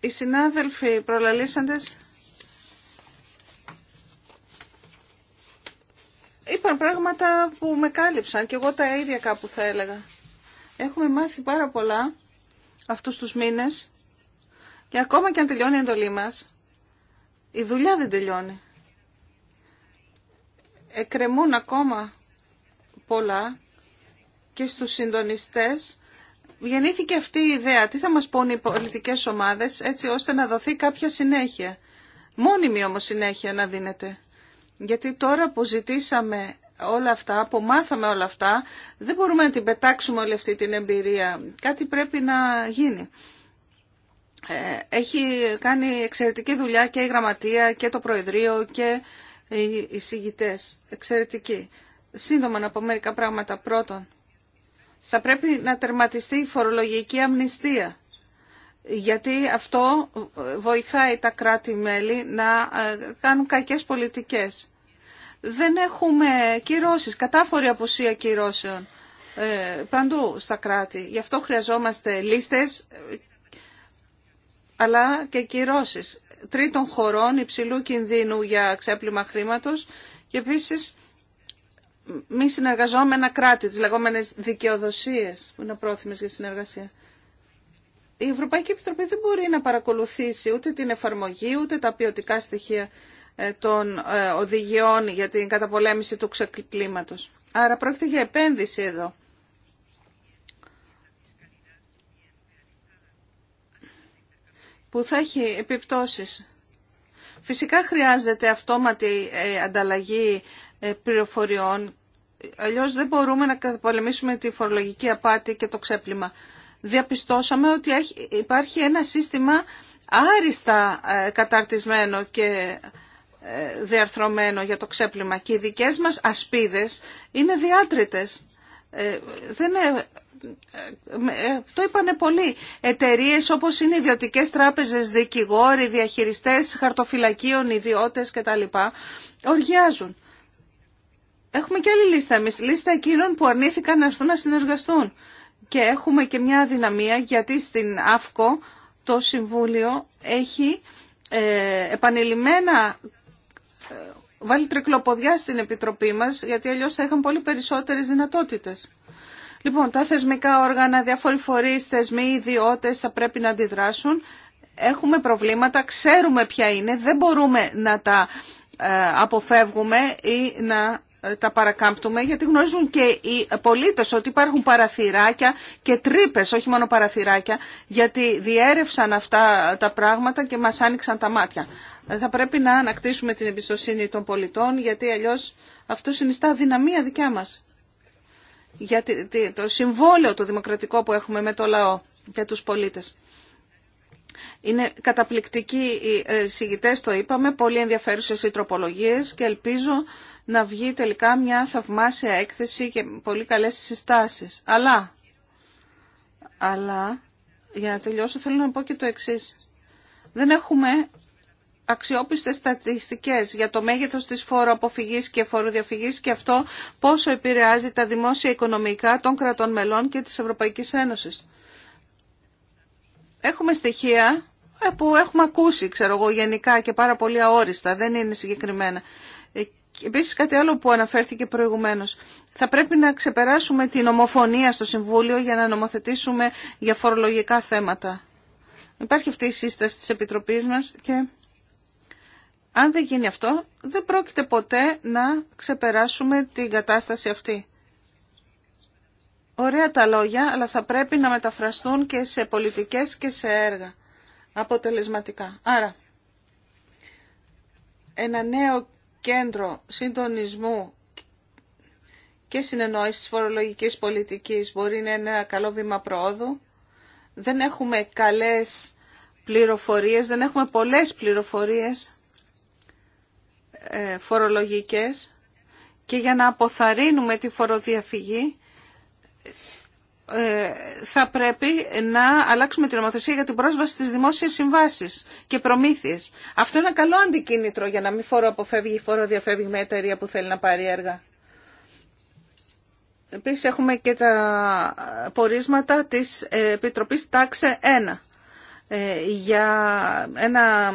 οι συνάδελφοι προλαλήσαντες είπαν πράγματα που με κάλυψαν και εγώ τα ίδια κάπου θα έλεγα. Έχουμε μάθει πάρα πολλά αυτούς τους μήνες και ακόμα και αν τελειώνει η εντολή μας, η δουλειά δεν τελειώνει. Εκρεμούν ακόμα πολλά και στους συντονιστές γεννήθηκε αυτή η ιδέα. Τι θα μας πούν οι πολιτικές ομάδες έτσι ώστε να δοθεί κάποια συνέχεια. Μόνιμη όμως συνέχεια να δίνεται. Γιατί τώρα που ζητήσαμε όλα αυτά, που μάθαμε όλα αυτά, δεν μπορούμε να την πετάξουμε όλη αυτή την εμπειρία. Κάτι πρέπει να γίνει. Ε, έχει κάνει εξαιρετική δουλειά και η Γραμματεία και το Προεδρείο και οι συγητές. Εξαιρετική σύντομα να πω μερικά πράγματα. Πρώτον, θα πρέπει να τερματιστεί η φορολογική αμνηστία, γιατί αυτό βοηθάει τα κράτη-μέλη να ε, κάνουν κακές πολιτικές. Δεν έχουμε κυρώσεις, κατάφορη απουσία κυρώσεων ε, παντού στα κράτη. Γι' αυτό χρειαζόμαστε λίστες ε, αλλά και κυρώσεις τρίτων χωρών υψηλού κινδύνου για ξέπλυμα χρήματος και επίσης μη συνεργαζόμενα κράτη, τις λεγόμενες δικαιοδοσίες που είναι πρόθυμες για συνεργασία. Η Ευρωπαϊκή Επιτροπή δεν μπορεί να παρακολουθήσει ούτε την εφαρμογή, ούτε τα ποιοτικά στοιχεία ε, των ε, οδηγιών για την καταπολέμηση του ξεκλήματος. Άρα πρόκειται για επένδυση εδώ. που θα έχει επιπτώσεις. Φυσικά χρειάζεται αυτόματη ε, ανταλλαγή ε, πληροφοριών. Αλλιώς δεν μπορούμε να πολεμήσουμε τη φορολογική απάτη και το ξέπλυμα. Διαπιστώσαμε ότι υπάρχει ένα σύστημα άριστα ε, καταρτισμένο και ε, διαρθρωμένο για το ξέπλυμα και οι δικές μας ασπίδες είναι διάτριτες. δεν το είπανε πολλοί. Εταιρείε όπως είναι ιδιωτικέ τράπεζες, δικηγόροι, διαχειριστές, χαρτοφυλακίων, ιδιώτες κτλ. οργιάζουν. Έχουμε και άλλη λίστα εμείς, λίστα εκείνων που αρνήθηκαν να έρθουν να συνεργαστούν. Και έχουμε και μια αδυναμία γιατί στην ΑΦΚΟ το Συμβούλιο έχει ε, επανειλημμένα ε, βάλει τρικλοποδιά στην Επιτροπή μας γιατί αλλιώς θα είχαν πολύ περισσότερες δυνατότητες. Λοιπόν, τα θεσμικά όργανα, διάφοροι φορείς, θεσμοί, ιδιώτες θα πρέπει να αντιδράσουν. Έχουμε προβλήματα, ξέρουμε ποια είναι, δεν μπορούμε να τα ε, αποφεύγουμε ή να ε, τα παρακάμπτουμε γιατί γνωρίζουν και οι πολίτες ότι υπάρχουν παραθυράκια και τρύπες, όχι μόνο παραθυράκια, γιατί διέρευσαν αυτά τα πράγματα και μας άνοιξαν τα μάτια. Ε, θα πρέπει να ανακτήσουμε την εμπιστοσύνη των πολιτών γιατί αλλιώς αυτό συνιστά δυναμία δικιά μας. γιατί το συμβόλαιο το δημοκρατικό που έχουμε με το λαό και τους πολίτες. Είναι καταπληκτικοί οι ε, συγητές, το είπαμε, πολύ ενδιαφέρουσες οι τροπολογίες και ελπίζω να βγει τελικά μια θαυμάσια έκθεση και πολύ καλές συστάσεις. Αλλά, αλλά για να τελειώσω θέλω να πω και το εξής. Δεν έχουμε αξιόπιστες στατιστικές για το μέγεθος της φόρο-αποφυγής και φόρο-διαφυγής και αυτό πόσο επηρεάζει τα δημόσια οικονομικά των κρατών μελών και της Ευρωπαϊκής Ένωσης. Έχουμε στοιχεία ε, που έχουμε ακούσει, ξέρω εγώ, γενικά και πάρα πολύ αόριστα, δεν είναι συγκεκριμένα. Ε, Επίσης κάτι άλλο που αναφέρθηκε προηγουμένως. Θα πρέπει να ξεπεράσουμε την ομοφωνία στο Συμβούλιο για να νομοθετήσουμε για φορολογικά θέματα. Υπάρχει αυτή η σύσταση της Επιτροπής μας και αν δεν γίνει αυτό δεν πρόκειται ποτέ να ξεπεράσουμε την κατάσταση αυτή. Ωραία τα λόγια, αλλά θα πρέπει να μεταφραστούν και σε πολιτικές και σε έργα αποτελεσματικά. Άρα, ένα νέο κέντρο συντονισμού και συνεννόηση της φορολογικής πολιτικής μπορεί να είναι ένα καλό βήμα προόδου. Δεν έχουμε καλές πληροφορίες, δεν έχουμε πολλές πληροφορίες ε, φορολογικές και για να αποθαρρύνουμε τη φοροδιαφυγή ε, θα πρέπει να αλλάξουμε την νομοθεσία για την πρόσβαση στις δημόσιες συμβάσεις και προμήθειες. Αυτό είναι ένα καλό αντικίνητρο για να μην φόρο αποφεύγει ή φόρο διαφεύγει με εταιρεία που θέλει να πάρει έργα. Επίσης έχουμε και τα πορίσματα της Επιτροπής Τάξε 1 ε, για ένα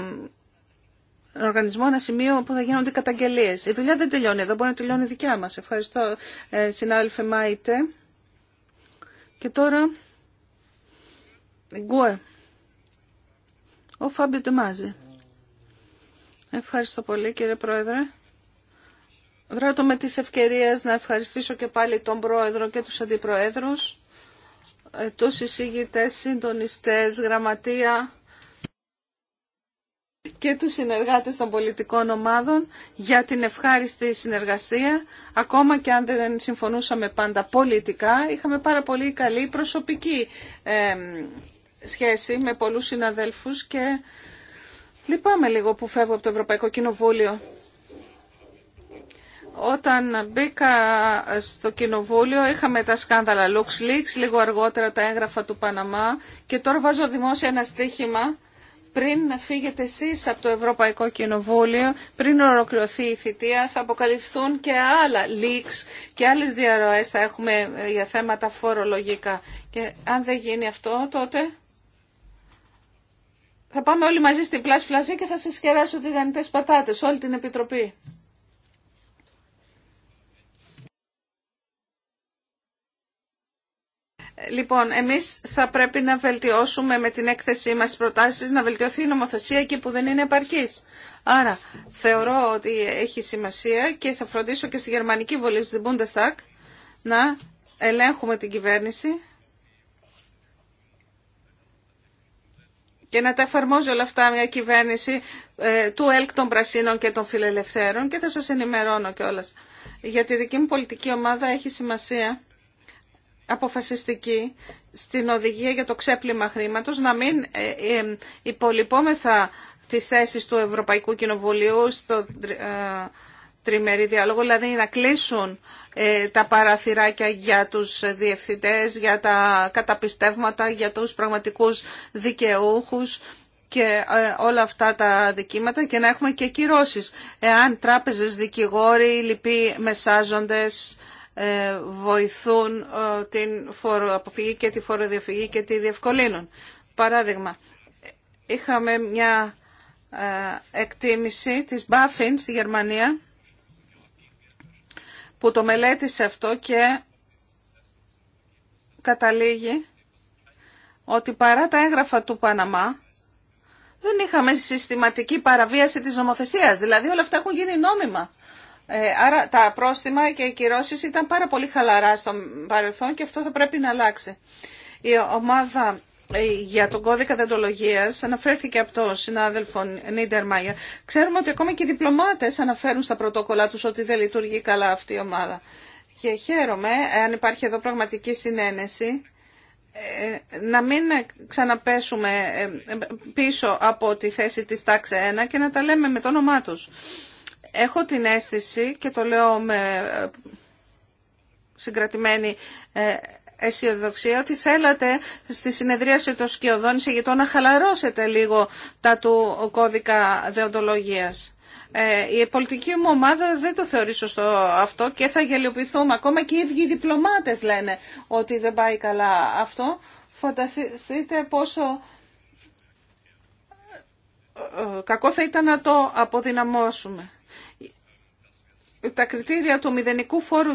οργανισμό, ένα σημείο που θα γίνονται καταγγελίες. Η δουλειά δεν τελειώνει εδώ, μπορεί να τελειώνει δικιά μας. Ευχαριστώ ε, συνάδελφε Μάιτε. Και τώρα Γκουε. Ο Φάμπιο Μάζει. Ευχαριστώ πολύ κύριε Πρόεδρε. Βράτω με τις ευκαιρίες να ευχαριστήσω και πάλι τον Πρόεδρο και τους Αντιπροέδρους, ε, τους εισηγητές, συντονιστές, γραμματεία, και τους συνεργάτες των πολιτικών ομάδων για την ευχάριστη συνεργασία. Ακόμα και αν δεν συμφωνούσαμε πάντα πολιτικά, είχαμε πάρα πολύ καλή προσωπική σχέση με πολλούς συναδέλφους και λυπάμαι λίγο που φεύγω από το Ευρωπαϊκό Κοινοβούλιο. Όταν μπήκα στο Κοινοβούλιο είχαμε τα σκάνδαλα LuxLeaks, λίγο αργότερα τα έγγραφα του Παναμά και τώρα βάζω δημόσια ένα στοίχημα πριν φύγετε εσείς από το Ευρωπαϊκό Κοινοβούλιο, πριν ολοκληρωθεί η θητεία, θα αποκαλυφθούν και άλλα leaks και άλλες διαρροές θα έχουμε ε, για θέματα φορολογικά. Και αν δεν γίνει αυτό, τότε θα πάμε όλοι μαζί στην πλάση και θα σας κεράσω τηγανιτές πατάτες, όλη την Επιτροπή. Λοιπόν, εμείς θα πρέπει να βελτιώσουμε με την έκθεσή μας τι προτάσεις, να βελτιωθεί η νομοθεσία εκεί που δεν είναι επαρκή. Άρα, θεωρώ ότι έχει σημασία και θα φροντίσω και στη γερμανική βολή, στην Bundestag, να ελέγχουμε την κυβέρνηση και να τα εφαρμόζει όλα αυτά μια κυβέρνηση ε, του ΕΛΚ των Πρασίνων και των Φιλελευθέρων και θα σας ενημερώνω κιόλας. Γιατί η δική μου πολιτική ομάδα έχει σημασία αποφασιστική στην οδηγία για το ξέπλυμα χρήματος, να μην ε, ε, υπολοιπόμεθα τις θέσεις του Ευρωπαϊκού Κοινοβουλίου στο ε, τριμερή διάλογο, δηλαδή να κλείσουν τα παραθυράκια για τους διευθυντές, για τα καταπιστεύματα, για τους πραγματικούς δικαιούχους και όλα αυτά τα δικήματα και να έχουμε και κυρώσεις. Εάν τράπεζες, δικηγόροι, λοιποί μεσάζοντες, ε, βοηθούν ε, την φοροαποφυγή και τη φοροδιαφυγή και τη διευκολύνουν. Παράδειγμα, είχαμε μια ε, εκτίμηση της Μπάφιν στη Γερμανία που το μελέτησε αυτό και καταλήγει ότι παρά τα έγγραφα του Παναμά δεν είχαμε συστηματική παραβίαση της νομοθεσίας. Δηλαδή όλα αυτά έχουν γίνει νόμιμα. Ε, άρα τα πρόστιμα και οι κυρώσεις ήταν πάρα πολύ χαλαρά στο παρελθόν και αυτό θα πρέπει να αλλάξει. Η ομάδα ε, για τον κώδικα δεντολογίας αναφέρθηκε από τον συνάδελφο Νίντερ Μάγια. Ξέρουμε ότι ακόμα και οι διπλωμάτες αναφέρουν στα πρωτόκολλα τους ότι δεν λειτουργεί καλά αυτή η ομάδα. Και χαίρομαι, αν υπάρχει εδώ πραγματική συνένεση, ε, να μην ξαναπέσουμε πίσω από τη θέση της τάξη 1 και να τα λέμε με το όνομά τους έχω την αίσθηση και το λέω με ε, συγκρατημένη ε, αισιοδοξία ότι θέλατε στη συνεδρίαση των σκιωδών το να χαλαρώσετε λίγο τα του κώδικα δεοντολογίας. Ε, η πολιτική μου ομάδα δεν το θεωρεί σωστό αυτό και θα γελιοποιηθούμε. Ακόμα και οι ίδιοι διπλωμάτες λένε ότι δεν πάει καλά αυτό. Φανταστείτε πόσο κακό θα ήταν να το αποδυναμώσουμε. Τα κριτήρια του μηδενικού φόρου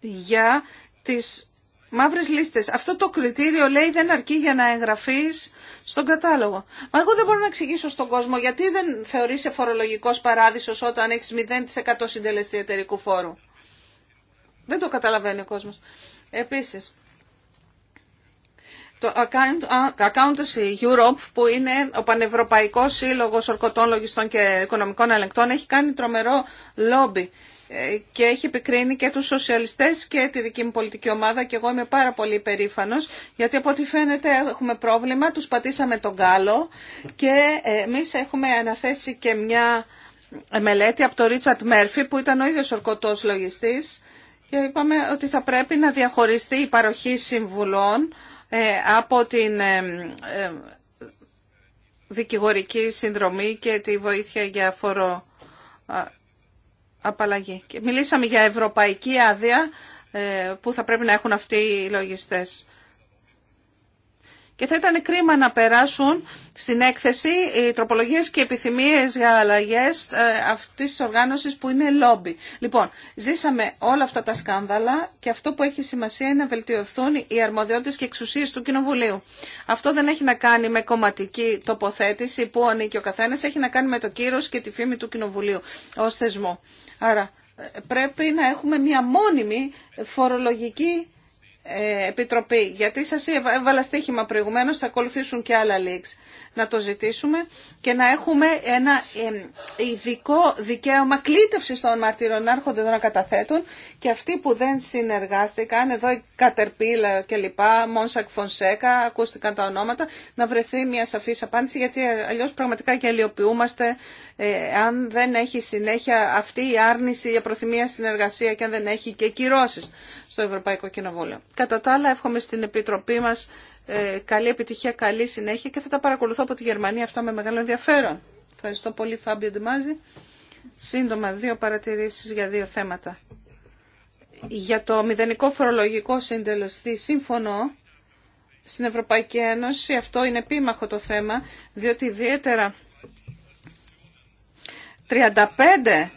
για τις μαύρες λίστες. Αυτό το κριτήριο λέει δεν αρκεί για να εγγραφείς στον κατάλογο. Μα εγώ δεν μπορώ να εξηγήσω στον κόσμο γιατί δεν θεωρείσαι φορολογικός παράδεισος όταν έχεις 0% συντελεστή εταιρικού φόρου. Δεν το καταλαβαίνει ο κόσμος. Επίσης, το Accountancy Europe, που είναι ο Πανευρωπαϊκός Σύλλογος Ορκωτών Λογιστών και Οικονομικών Ελεγκτών, έχει κάνει τρομερό λόμπι ε, και έχει επικρίνει και τους σοσιαλιστές και τη δική μου πολιτική ομάδα και εγώ είμαι πάρα πολύ περήφανος γιατί από ό,τι φαίνεται έχουμε πρόβλημα, τους πατήσαμε τον κάλο και ε, εμείς έχουμε αναθέσει και μια ε, μελέτη από τον Ρίτσαρτ Μέρφυ που ήταν ο ίδιος ορκωτός λογιστής και είπαμε ότι θα πρέπει να διαχωριστεί η παροχή συμβουλών ε, από την ε, ε, δικηγορική συνδρομή και τη βοήθεια για φορο απαλλαγή. Και μιλήσαμε για ευρωπαϊκή άδεια που θα πρέπει να έχουν αυτοί οι λογιστές. Και θα ήταν κρίμα να περάσουν στην έκθεση οι τροπολογίε και επιθυμίες για αλλαγέ ε, αυτή τη οργάνωση που είναι λόμπι. Λοιπόν, ζήσαμε όλα αυτά τα σκάνδαλα και αυτό που έχει σημασία είναι να βελτιωθούν οι αρμοδιότητε και εξουσίε του Κοινοβουλίου. Αυτό δεν έχει να κάνει με κομματική τοποθέτηση που ανήκει ο καθένα, έχει να κάνει με το κύρο και τη φήμη του Κοινοβουλίου ω θεσμό. Άρα ε, πρέπει να έχουμε μια μόνιμη φορολογική ε, Επιτροπή. Γιατί σας έβαλα στοίχημα προηγουμένως, θα ακολουθήσουν και άλλα leaks. Να το ζητήσουμε και να έχουμε ένα ειδικό δικαίωμα κλήτευση των μαρτύρων να έρχονται εδώ να καταθέτουν και αυτοί που δεν συνεργάστηκαν, εδώ η Κατερπίλα και λοιπά, Μόνσακ Φονσέκα, ακούστηκαν τα ονόματα, να βρεθεί μια σαφής απάντηση γιατί αλλιώς πραγματικά και ε, αν δεν έχει συνέχεια αυτή η άρνηση για προθυμία συνεργασία και αν δεν έχει και κυρώσεις στο Ευρωπαϊκό Κοινοβούλιο. Κατά τα άλλα, εύχομαι στην Επιτροπή μας ε, καλή επιτυχία, καλή συνέχεια και θα τα παρακολουθώ από τη Γερμανία αυτά με μεγάλο ενδιαφέρον. Ευχαριστώ πολύ, Φάμπιο Ντιμάζη. Σύντομα, δύο παρατηρήσεις για δύο θέματα. Για το μηδενικό φορολογικό συντελεστή, σύμφωνο στην Ευρωπαϊκή Ένωση, αυτό είναι επίμαχο το θέμα, διότι ιδιαίτερα 35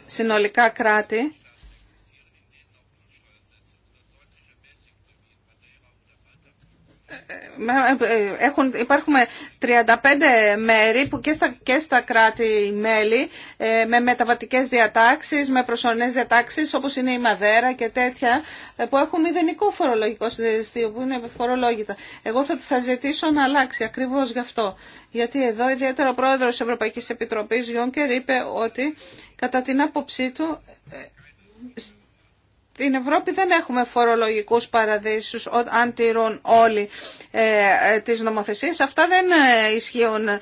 συνολικά κράτη Ε, έχουν, υπάρχουν 35 μέρη που και στα, και στα κράτη-μέλη ε, με μεταβατικές διατάξεις, με προσωρινές διατάξεις όπως είναι η Μαδέρα και τέτοια ε, που έχουν μηδενικό φορολογικό συνδεδιστήριο που είναι φορολόγητα. Εγώ θα, θα ζητήσω να αλλάξει ακριβώς γι' αυτό. Γιατί εδώ ιδιαίτερα ο πρόεδρος της Ευρωπαϊκής Επιτροπής Γιόνκερ είπε ότι κατά την άποψή του στην Ευρώπη δεν έχουμε φορολογικούς παραδείσους αν τηρούν όλοι ε, ε, τις νομοθεσίες. Αυτά δεν ε, ισχύουν, ε,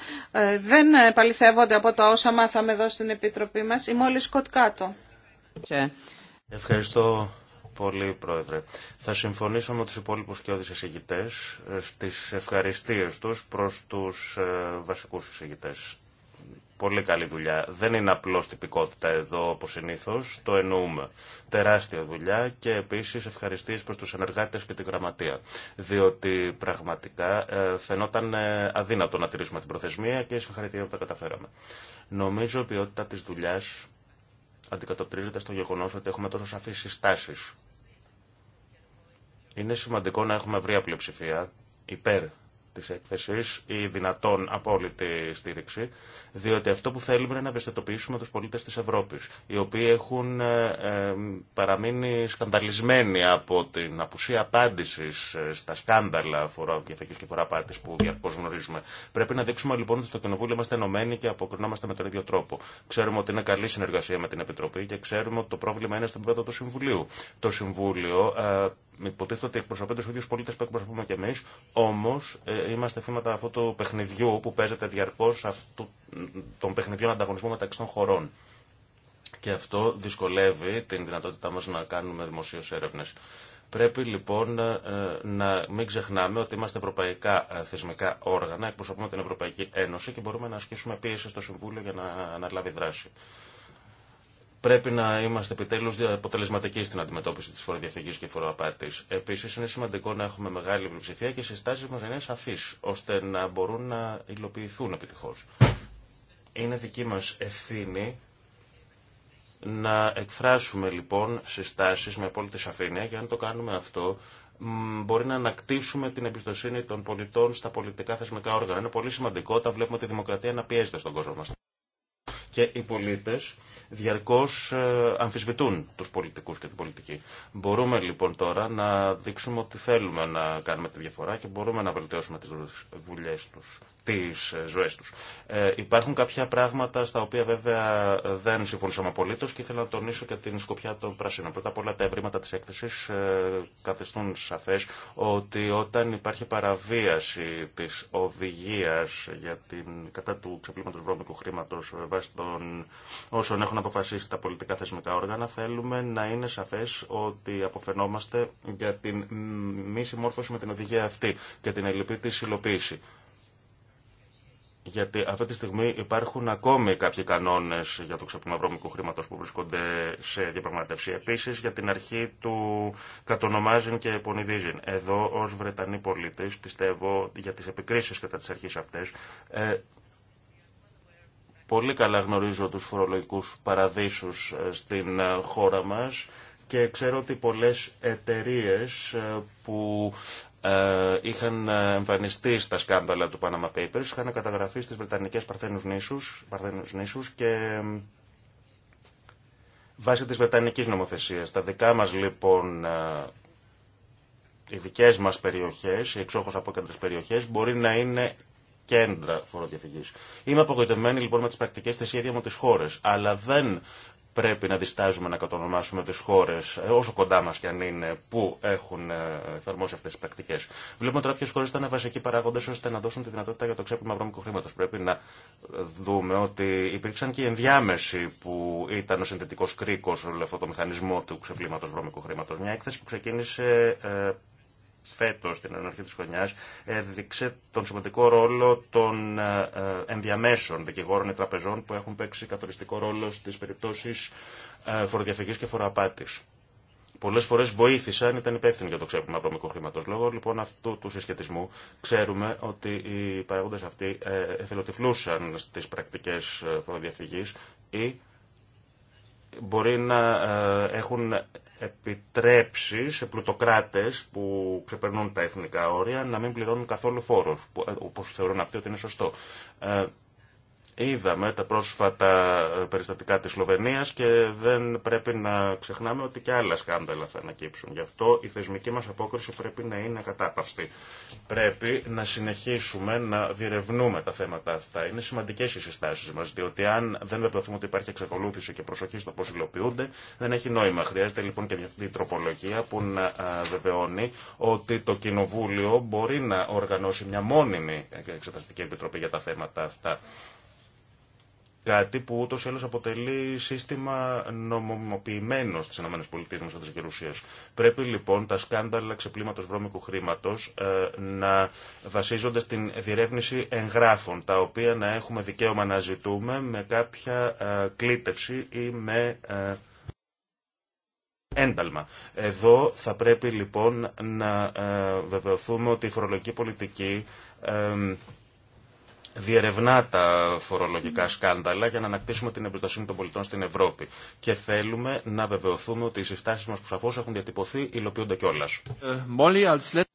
δεν παληθεύονται από τα όσα μάθαμε εδώ στην Επιτροπή μας. Είμαι όλοι σκοτκάτω. Ευχαριστώ πολύ, Πρόεδρε. Θα συμφωνήσω με τους υπόλοιπους και εισηγητές στις ευχαριστίες τους προς τους βασικούς εισηγητές Πολύ καλή δουλειά. Δεν είναι απλώς τυπικότητα εδώ όπως συνήθως, το εννοούμε. Τεράστια δουλειά και επίσης ευχαριστίες προς τους συνεργάτες και τη γραμματεία. Διότι πραγματικά ε, φαινόταν ε, αδύνατο να τηρήσουμε την προθεσμία και συγχαρητήρια που τα καταφέραμε. Νομίζω η ποιότητα της δουλειάς αντικατοπτρίζεται στο γεγονός ότι έχουμε τόσο σαφείς συστάσεις. Είναι σημαντικό να έχουμε ευρία πλειοψηφία υπέρ Τη έκθεση ή δυνατόν απόλυτη στήριξη, διότι αυτό που θέλουμε είναι να ευαισθητοποιήσουμε τους πολίτες της Ευρώπης, οι οποίοι έχουν ε, ε, παραμείνει σκανδαλισμένοι από την απουσία απάντηση ε, στα σκάνδαλα φοροδιαφυγής και πάτη που διαρκώ γνωρίζουμε. Πρέπει να δείξουμε λοιπόν ότι στο Κοινοβούλιο είμαστε ενωμένοι και αποκρινόμαστε με τον ίδιο τρόπο. Ξέρουμε ότι είναι καλή συνεργασία με την Επιτροπή και ξέρουμε ότι το πρόβλημα είναι στο επίπεδο του Συμβουλίου. Το Συμβούλιο υποτίθεται ότι εκπροσωπείται στου ίδιου πολίτε που εκπροσωπούμε και εμεί, όμω ε, είμαστε θύματα αυτού του παιχνιδιού που παίζεται διαρκώ των παιχνιδιών ανταγωνισμού μεταξύ των χωρών. Και αυτό δυσκολεύει την δυνατότητά μα να κάνουμε δημοσίω έρευνε. Πρέπει λοιπόν ε, να μην ξεχνάμε ότι είμαστε ευρωπαϊκά ε, θεσμικά όργανα, εκπροσωπούμε την Ευρωπαϊκή Ένωση και μπορούμε να ασκήσουμε πίεση στο Συμβούλιο για να αναλάβει δράση. Πρέπει να είμαστε επιτέλου αποτελεσματικοί στην αντιμετώπιση τη φοροδιαφυγή και φοροαπάτη. Επίση, είναι σημαντικό να έχουμε μεγάλη πλειοψηφία και οι συστάσει μα να είναι σαφεί, ώστε να μπορούν να υλοποιηθούν επιτυχώ. Είναι δική μα ευθύνη να εκφράσουμε λοιπόν συστάσει με απόλυτη σαφήνεια και αν το κάνουμε αυτό μπορεί να ανακτήσουμε την εμπιστοσύνη των πολιτών στα πολιτικά θεσμικά όργανα. Είναι πολύ σημαντικό όταν βλέπουμε τη δημοκρατία να πιέζεται στον κόσμο μα. Και οι πολίτες διαρκώς ε, αμφισβητούν τους πολιτικούς και την πολιτική. Μπορούμε λοιπόν τώρα να δείξουμε ότι θέλουμε να κάνουμε τη διαφορά και μπορούμε να βελτιώσουμε τις δουλειές τους τις ε, ζωές τους. Ε, υπάρχουν κάποια πράγματα στα οποία βέβαια δεν συμφωνήσαμε απολύτω και ήθελα να τονίσω και την σκοπιά των πρασίνων. Πρώτα απ' όλα τα ευρήματα της έκθεσης ε, καθιστούν σαφές ότι όταν υπάρχει παραβίαση της οδηγίας για την, κατά του ξεπλήματος βρώμικου χρήματος ε, βάσει των όσων έχουν αποφασίσει τα πολιτικά θεσμικά όργανα θέλουμε να είναι σαφές ότι αποφαινόμαστε για την μη συμμόρφωση με την οδηγία αυτή και την ελληπή της υλοποίηση. Γιατί αυτή τη στιγμή υπάρχουν ακόμη κάποιοι κανόνε για το ξέπλυμα βρώμικου χρήματο που βρίσκονται σε διαπραγματεύση. Επίση για την αρχή του κατονομάζει και πονιδίζει. Εδώ ω Βρετανοί πολίτε πιστεύω για τι επικρίσει κατά τι αρχέ αυτέ. Ε, πολύ καλά γνωρίζω τους φορολογικούς παραδείσους ε, στην ε, χώρα μας και ξέρω ότι πολλές εταιρείες ε, που ε, είχαν ε, εμφανιστεί στα σκάνδαλα του Panama Papers, είχαν καταγραφεί στις Βρετανικές Παρθένους νήσους, Παρθένους νήσους και βάσει της Βρετανικής νομοθεσίας. Τα δικά μας λοιπόν, ε, οι δικές μας περιοχές, οι εξόχως απόκεντρες περιοχές, μπορεί να είναι κέντρα φοροδιαφυγής. Είμαι απογοητευμένη λοιπόν με τις πρακτικές της ίδια μου τις χώρες, αλλά δεν πρέπει να διστάζουμε να κατονομάσουμε τι χώρε, ε, όσο κοντά μα κι αν είναι, που έχουν ε, εφαρμόσει αυτέ τι πρακτικέ. Βλέπουμε τώρα ποιε χώρε ήταν βασικοί παράγοντε ώστε να δώσουν τη δυνατότητα για το ξέπλυμα βρώμικου χρήματο. Πρέπει να δούμε ότι υπήρξαν και οι ενδιάμεσοι που ήταν ο συνθετικό κρίκο όλο αυτό το μηχανισμό του ξεπλήματο βρώμικου χρήματο. Μια έκθεση που ξεκίνησε ε, φέτο, την αρχή τη χρονιά, έδειξε τον σημαντικό ρόλο των ε, ε, ενδιαμέσων δικηγόρων ή τραπεζών που έχουν παίξει καθοριστικό ρόλο στι περιπτώσει ε, φοροδιαφυγή και φοροαπάτη. Πολλέ φορέ βοήθησαν, ήταν υπεύθυνοι για το ξέπλυμα βρωμικού χρήματο. Λόγω λοιπόν αυτού του συσχετισμού, ξέρουμε ότι οι παραγόντε αυτοί εθελοτυφλούσαν στι πρακτικέ φοροδιαφυγή ή μπορεί να έχουν επιτρέψει σε πλουτοκράτε που ξεπερνούν τα εθνικά όρια να μην πληρώνουν καθόλου φόρο, όπως θεωρούν αυτοί ότι είναι σωστό. Ε, Είδαμε τα πρόσφατα ε, περιστατικά της Σλοβενίας και δεν πρέπει να ξεχνάμε ότι και άλλα σκάνδαλα θα ανακύψουν. Γι' αυτό η θεσμική μας απόκριση πρέπει να είναι κατάπαυστη. Πρέπει να συνεχίσουμε να διερευνούμε τα θέματα αυτά. Είναι σημαντικές οι συστάσεις μας, διότι αν δεν βεβαιωθούμε ότι υπάρχει εξακολούθηση και προσοχή στο πώς υλοποιούνται, δεν έχει νόημα. Χρειάζεται λοιπόν και μια αυτή η τροπολογία που να βεβαιώνει ότι το Κοινοβούλιο μπορεί να οργανώσει μια μόνιμη εξεταστική επιτροπή για τα θέματα αυτά Κάτι που ούτω ή άλλω αποτελεί σύστημα νομιμοποιημένο στι ΗΠΑ μέσα τη γερουσία. Πρέπει λοιπόν τα σκάνδαλα ξεπλήματο βρώμικου χρήματο ε, να βασίζονται στην διερεύνηση εγγράφων, τα οποία να έχουμε δικαίωμα να ζητούμε με κάποια ε, κλήτευση ή με ε, ένταλμα. Εδώ θα πρέπει λοιπόν να βεβαιωθούμε ότι η φορολογική πολιτική διερευνά τα φορολογικά σκάνδαλα για να ανακτήσουμε την εμπιστοσύνη των πολιτών στην Ευρώπη. Και θέλουμε να βεβαιωθούμε ότι οι συστάσει μα που σαφώ έχουν διατυπωθεί υλοποιούνται κιόλα.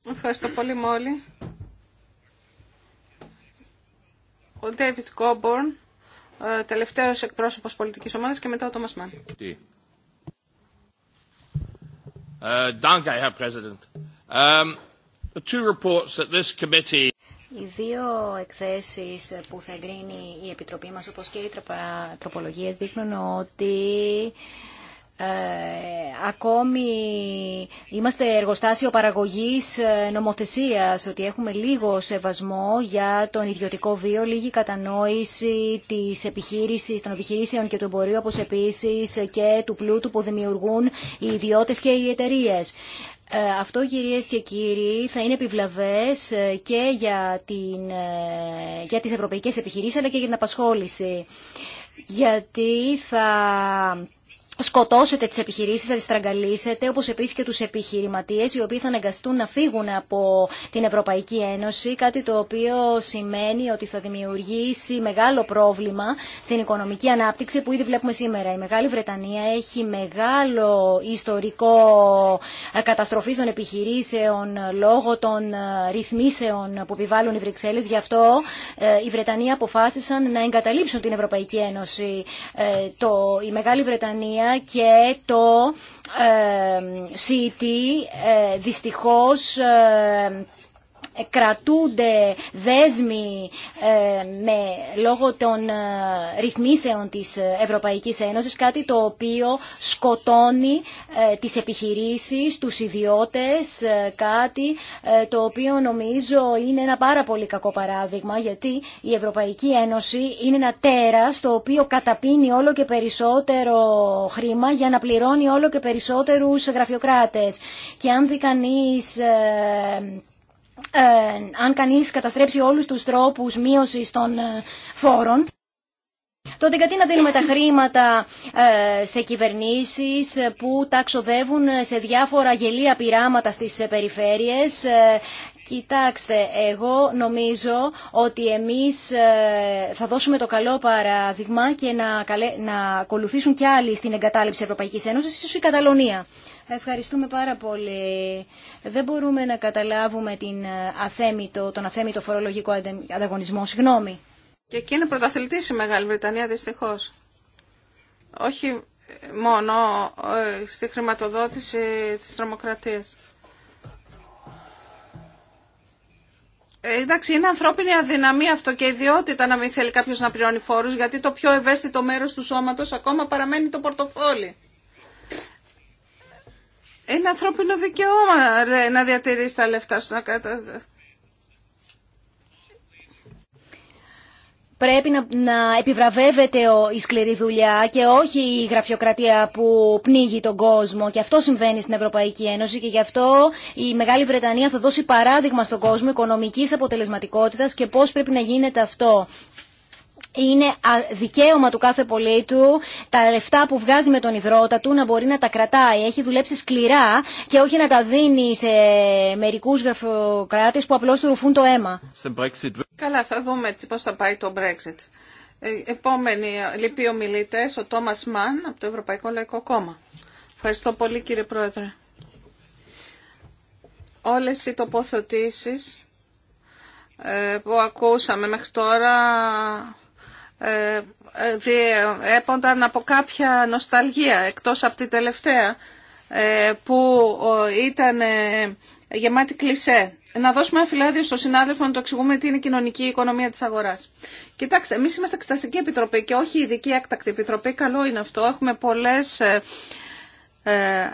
Ευχαριστώ πολύ, Μόλι. Ο Ντέιβιτ Κόμπορν, ε, τελευταίος εκπρόσωπος πολιτικής ομάδας και μετά ο Τόμα Μάν. Uh, danke, Herr President. Um, ε, two reports that this committee οι δύο εκθέσεις που θα εγκρίνει η Επιτροπή μας, όπως και οι τροπολογίες, δείχνουν ότι ε, ακόμη είμαστε εργοστάσιο παραγωγής ε, νομοθεσίας, ότι έχουμε λίγο σεβασμό για τον ιδιωτικό βίο, λίγη κατανόηση της επιχείρησης, των επιχειρήσεων και του εμπορίου, όπως επίσης και του πλούτου που δημιουργούν οι ιδιώτες και οι εταιρείες. Ε, αυτό κυρίες και κύριοι θα είναι επιβλαβές ε, και για, την, ε, για τις ευρωπαϊκές επιχειρήσεις αλλά και για την απασχόληση γιατί θα σκοτώσετε τις επιχειρήσεις, θα τις στραγγαλίσετε, όπως επίσης και τους επιχειρηματίες, οι οποίοι θα αναγκαστούν να φύγουν από την Ευρωπαϊκή Ένωση, κάτι το οποίο σημαίνει ότι θα δημιουργήσει μεγάλο πρόβλημα στην οικονομική ανάπτυξη που ήδη βλέπουμε σήμερα. Η Μεγάλη Βρετανία έχει μεγάλο ιστορικό ε, καταστροφή των επιχειρήσεων λόγω των ε, ρυθμίσεων που επιβάλλουν οι Βρυξέλλες. Γι' αυτό ε, οι Βρετανοί αποφάσισαν να εγκαταλείψουν την Ευρωπαϊκή Ένωση. η Μεγάλη Βρετανία Γερμανία και το ε, City ε, δυστυχώς ε, κρατούνται δέσμοι ε, με, λόγω των ε, ρυθμίσεων της Ευρωπαϊκής Ένωσης, κάτι το οποίο σκοτώνει ε, τις επιχειρήσεις, τους ιδιώτες, κάτι το οποίο νομίζω είναι ένα πάρα πολύ κακό παράδειγμα, γιατί η Ευρωπαϊκή Ένωση είναι ένα τέρας το οποίο καταπίνει όλο και περισσότερο χρήμα για να πληρώνει όλο και περισσότερους γραφειοκράτες. Και αν δει ε, αν κανείς καταστρέψει όλους τους τρόπους μείωσης των ε, φόρων, τότε γιατί να δίνουμε τα χρήματα ε, σε κυβερνήσεις που τα ξοδεύουν σε διάφορα γελία πειράματα στις περιφέρειες Κοιτάξτε, εγώ νομίζω ότι εμείς θα δώσουμε το καλό παραδειγμα και να, καλέ, να ακολουθήσουν κι άλλοι στην εγκατάλειψη Ευρωπαϊκής Ένωσης, ίσως η Καταλωνία. Ευχαριστούμε πάρα πολύ. Δεν μπορούμε να καταλάβουμε την ε, αθέμητο, τον αθέμητο φορολογικό ανταγωνισμό. Συγγνώμη. Και εκεί είναι πρωταθλητή η Μεγάλη Βρετανία δυστυχώ. Όχι μόνο ε, στη χρηματοδότηση της τρομοκρατία. Ε, εντάξει, είναι ανθρώπινη αδυναμία αυτό και ιδιότητα να μην θέλει κάποιο να πληρώνει φόρου, γιατί το πιο ευαίσθητο μέρο του σώματο ακόμα παραμένει το πορτοφόλι. Είναι ανθρώπινο δικαιώμα να διατηρείς τα λεφτά σου. Να πρέπει να, να επιβραβεύεται ο, η σκληρή δουλειά και όχι η γραφειοκρατία που πνίγει τον κόσμο. Και αυτό συμβαίνει στην Ευρωπαϊκή Ένωση και γι' αυτό η Μεγάλη Βρετανία θα δώσει παράδειγμα στον κόσμο οικονομικής αποτελεσματικότητας και πώς πρέπει να γίνεται αυτό είναι δικαίωμα του κάθε πολίτου τα λεφτά που βγάζει με τον υδρότα του να μπορεί να τα κρατάει. Έχει δουλέψει σκληρά και όχι να τα δίνει σε μερικούς γραφειοκράτες που απλώς του ρουφούν το αίμα. Καλά, θα δούμε πώς θα πάει το Brexit. Ε, Επόμενοι ε, λοιποί ομιλητέ, ο Τόμας Μαν από το Ευρωπαϊκό Λαϊκό Κόμμα. Ευχαριστώ πολύ κύριε Πρόεδρε. Όλες οι τοποθετήσεις ε, που ακούσαμε μέχρι τώρα ε, ε, έπονταν από κάποια νοσταλγία εκτός από την τελευταία ε, που ήταν γεμάτη κλισέ. Να δώσουμε ένα φυλάδιο στον συνάδελφο να το εξηγούμε τι είναι η κοινωνική οικονομία τη αγορά. Κοιτάξτε, εμεί είμαστε εξεταστική επιτροπή και όχι ειδική έκτακτη επιτροπή. Καλό είναι αυτό. Έχουμε πολλέ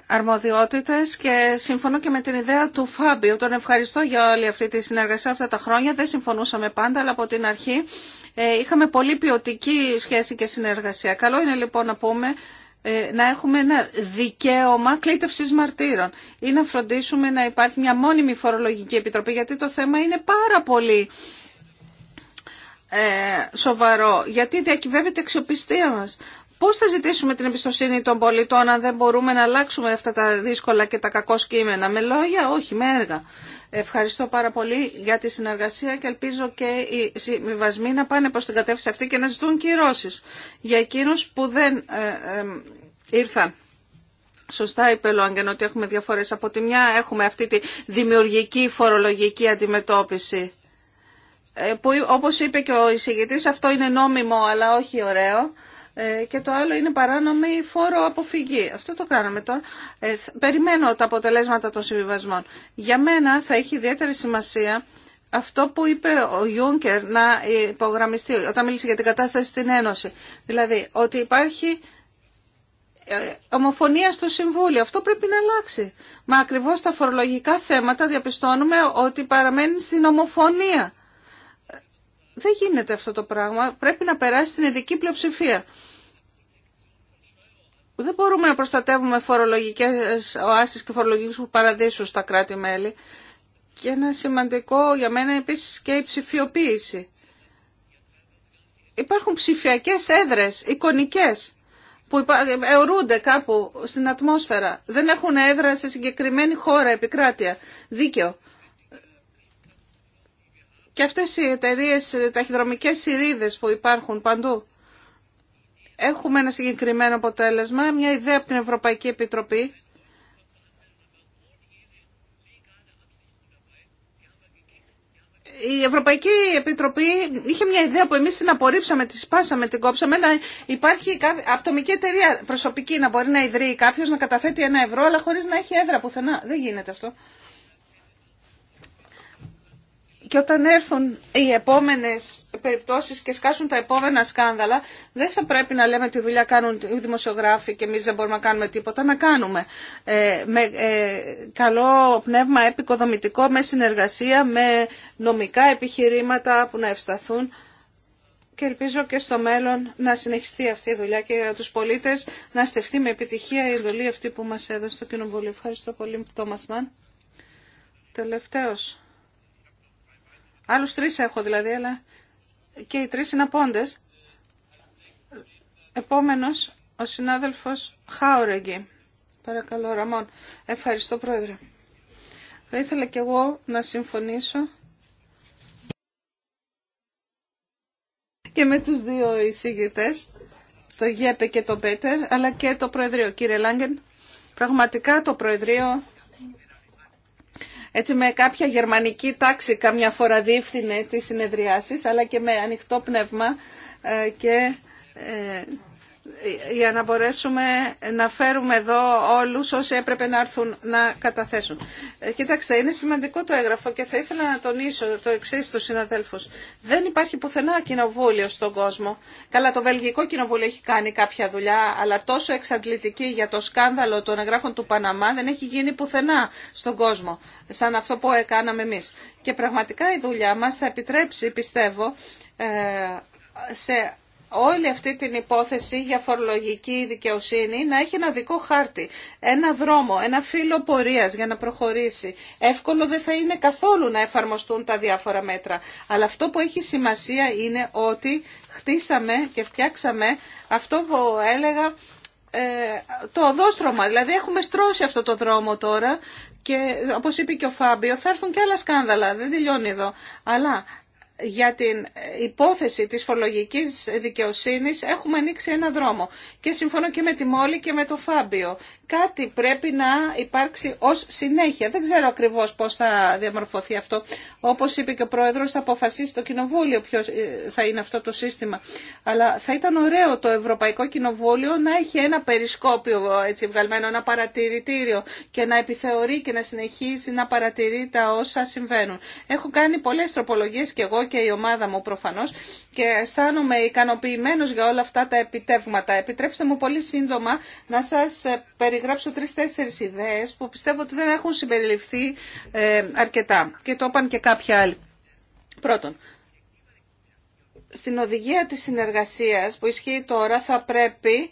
αρμοδιότητες και συμφωνώ και με την ιδέα του Φάμπιου. Τον ευχαριστώ για όλη αυτή τη συνεργασία αυτά τα χρόνια. Δεν συμφωνούσαμε πάντα, αλλά από την αρχή ε, είχαμε πολύ ποιοτική σχέση και συνεργασία. Καλό είναι λοιπόν να πούμε ε, να έχουμε ένα δικαίωμα κλήτευσης μαρτύρων ή να φροντίσουμε να υπάρχει μια μόνιμη φορολογική επιτροπή γιατί το θέμα είναι πάρα πολύ ε, σοβαρό γιατί διακυβεύεται η αξιοπιστία μας. Πώς θα ζητήσουμε την εμπιστοσύνη των πολιτών αν δεν μπορούμε να αλλάξουμε αυτά τα δύσκολα και τα κακό σκήμενα. Με λόγια, όχι, με έργα. Ευχαριστώ πάρα πολύ για τη συνεργασία και ελπίζω και οι συμβιβασμοί να πάνε προς την κατεύθυνση αυτή και να ζητούν κυρώσεις για εκείνους που δεν ε, ε, ήρθαν. Σωστά είπε Λόγκεν ότι έχουμε διαφορές. Από τη μια έχουμε αυτή τη δημιουργική φορολογική αντιμετώπιση ε, που όπως είπε και ο εισηγητής αυτό είναι νόμιμο αλλά όχι ωραίο ε, και το άλλο είναι παράνομη φόρο αποφυγή. Αυτό το κάναμε τώρα. Ε, περιμένω τα αποτελέσματα των συμβιβασμών. Για μένα θα έχει ιδιαίτερη σημασία αυτό που είπε ο Ιούνκερ να υπογραμμιστεί όταν μίλησε για την κατάσταση στην Ένωση. Δηλαδή ότι υπάρχει ε, ομοφωνία στο Συμβούλιο. Αυτό πρέπει να αλλάξει. Μα ακριβώς τα φορολογικά θέματα διαπιστώνουμε ότι παραμένει στην ομοφωνία. Δεν γίνεται αυτό το πράγμα. Πρέπει να περάσει στην ειδική πλειοψηφία. Δεν μπορούμε να προστατεύουμε φορολογικές οάσεις και φορολογικούς παραδείσους στα κράτη-μέλη. Και ένα σημαντικό για μένα επίσης και η ψηφιοποίηση. Υπάρχουν ψηφιακές έδρες, εικονικές, που αιωρούνται κάπου στην ατμόσφαιρα. Δεν έχουν έδρα σε συγκεκριμένη χώρα, επικράτεια. Δίκαιο. Και αυτές οι εταιρείε ταχυδρομικές σειρίδες που υπάρχουν παντού έχουμε ένα συγκεκριμένο αποτέλεσμα, μια ιδέα από την Ευρωπαϊκή Επιτροπή. Η Ευρωπαϊκή Επιτροπή είχε μια ιδέα που εμείς την απορρίψαμε, τη σπάσαμε, την κόψαμε, να υπάρχει αυτομική εταιρεία προσωπική να μπορεί να ιδρύει κάποιος, να καταθέτει ένα ευρώ, αλλά χωρίς να έχει έδρα πουθενά. Δεν γίνεται αυτό. Και όταν έρθουν οι επόμενες περιπτώσεις και σκάσουν τα επόμενα σκάνδαλα, δεν θα πρέπει να λέμε τη δουλειά κάνουν οι δημοσιογράφοι και εμείς δεν μπορούμε να κάνουμε τίποτα, να κάνουμε. Ε, με ε, καλό πνεύμα επικοδομητικό, με συνεργασία, με νομικά επιχειρήματα που να ευσταθούν και ελπίζω και στο μέλλον να συνεχιστεί αυτή η δουλειά και για τους πολίτες να στεφτεί με επιτυχία η εντολή αυτή που μας έδωσε το Κοινοβούλιο. Ευχαριστώ πολύ, Τόμας Μαν. Τελευταίος Άλλους τρεις έχω δηλαδή, αλλά και οι τρεις είναι απόντες. Επόμενος, ο συνάδελφος Χάουρεγγι. Παρακαλώ, Ραμόν. Ευχαριστώ, Πρόεδρε. Θα ήθελα κι εγώ να συμφωνήσω και με τους δύο εισηγητές, το Γέπε και το Πέτερ, αλλά και το Προεδρείο. Κύριε Λάγκεν, πραγματικά το Προεδρείο έτσι με κάποια γερμανική τάξη καμιά φορά διεύθυνε τις συνεδριάσεις αλλά και με ανοιχτό πνεύμα ε, και ε, για να μπορέσουμε να φέρουμε εδώ όλους όσοι έπρεπε να έρθουν να καταθέσουν. Ε, Κοίταξτε, είναι σημαντικό το έγγραφο και θα ήθελα να τονίσω το εξή στους συναδέλφους. Δεν υπάρχει πουθενά κοινοβούλιο στον κόσμο. Καλά, το Βελγικό Κοινοβούλιο έχει κάνει κάποια δουλειά, αλλά τόσο εξαντλητική για το σκάνδαλο των εγγράφων του Παναμά δεν έχει γίνει πουθενά στον κόσμο, σαν αυτό που έκαναμε εμείς. Και πραγματικά η δουλειά μας θα επιτρέψει, πιστεύω, ε, σε όλη αυτή την υπόθεση για φορολογική δικαιοσύνη να έχει ένα δικό χάρτη, ένα δρόμο, ένα φύλλο πορείας για να προχωρήσει. Εύκολο δεν θα είναι καθόλου να εφαρμοστούν τα διάφορα μέτρα. Αλλά αυτό που έχει σημασία είναι ότι χτίσαμε και φτιάξαμε αυτό που έλεγα ε, το οδόστρωμα. Δηλαδή έχουμε στρώσει αυτό το δρόμο τώρα και όπως είπε και ο Φάμπιο θα έρθουν και άλλα σκάνδαλα, δεν τελειώνει εδώ. Αλλά για την υπόθεση της φορολογικής δικαιοσύνης έχουμε ανοίξει ένα δρόμο. Και συμφωνώ και με τη Μόλη και με τον Φάμπιο κάτι πρέπει να υπάρξει ως συνέχεια. Δεν ξέρω ακριβώς πώς θα διαμορφωθεί αυτό. Όπως είπε και ο Πρόεδρος, θα αποφασίσει το Κοινοβούλιο ποιος ε, θα είναι αυτό το σύστημα. Αλλά θα ήταν ωραίο το Ευρωπαϊκό Κοινοβούλιο να έχει ένα περισκόπιο έτσι βγαλμένο, ένα παρατηρητήριο και να επιθεωρεί και να συνεχίζει να παρατηρεί τα όσα συμβαίνουν. Έχω κάνει πολλές τροπολογίες και εγώ και η ομάδα μου προφανώς και αισθάνομαι ικανοποιημένος για όλα αυτά τα επιτεύγματα. Επιτρέψτε μου πολύ σύντομα να σας περι περιγραψω τρει τέσσερι ιδέες που πιστεύω ότι δεν έχουν συμπεριληφθεί ε, αρκετά και το είπαν και κάποιοι άλλοι. Πρώτον, στην οδηγία της συνεργασίας που ισχύει τώρα θα πρέπει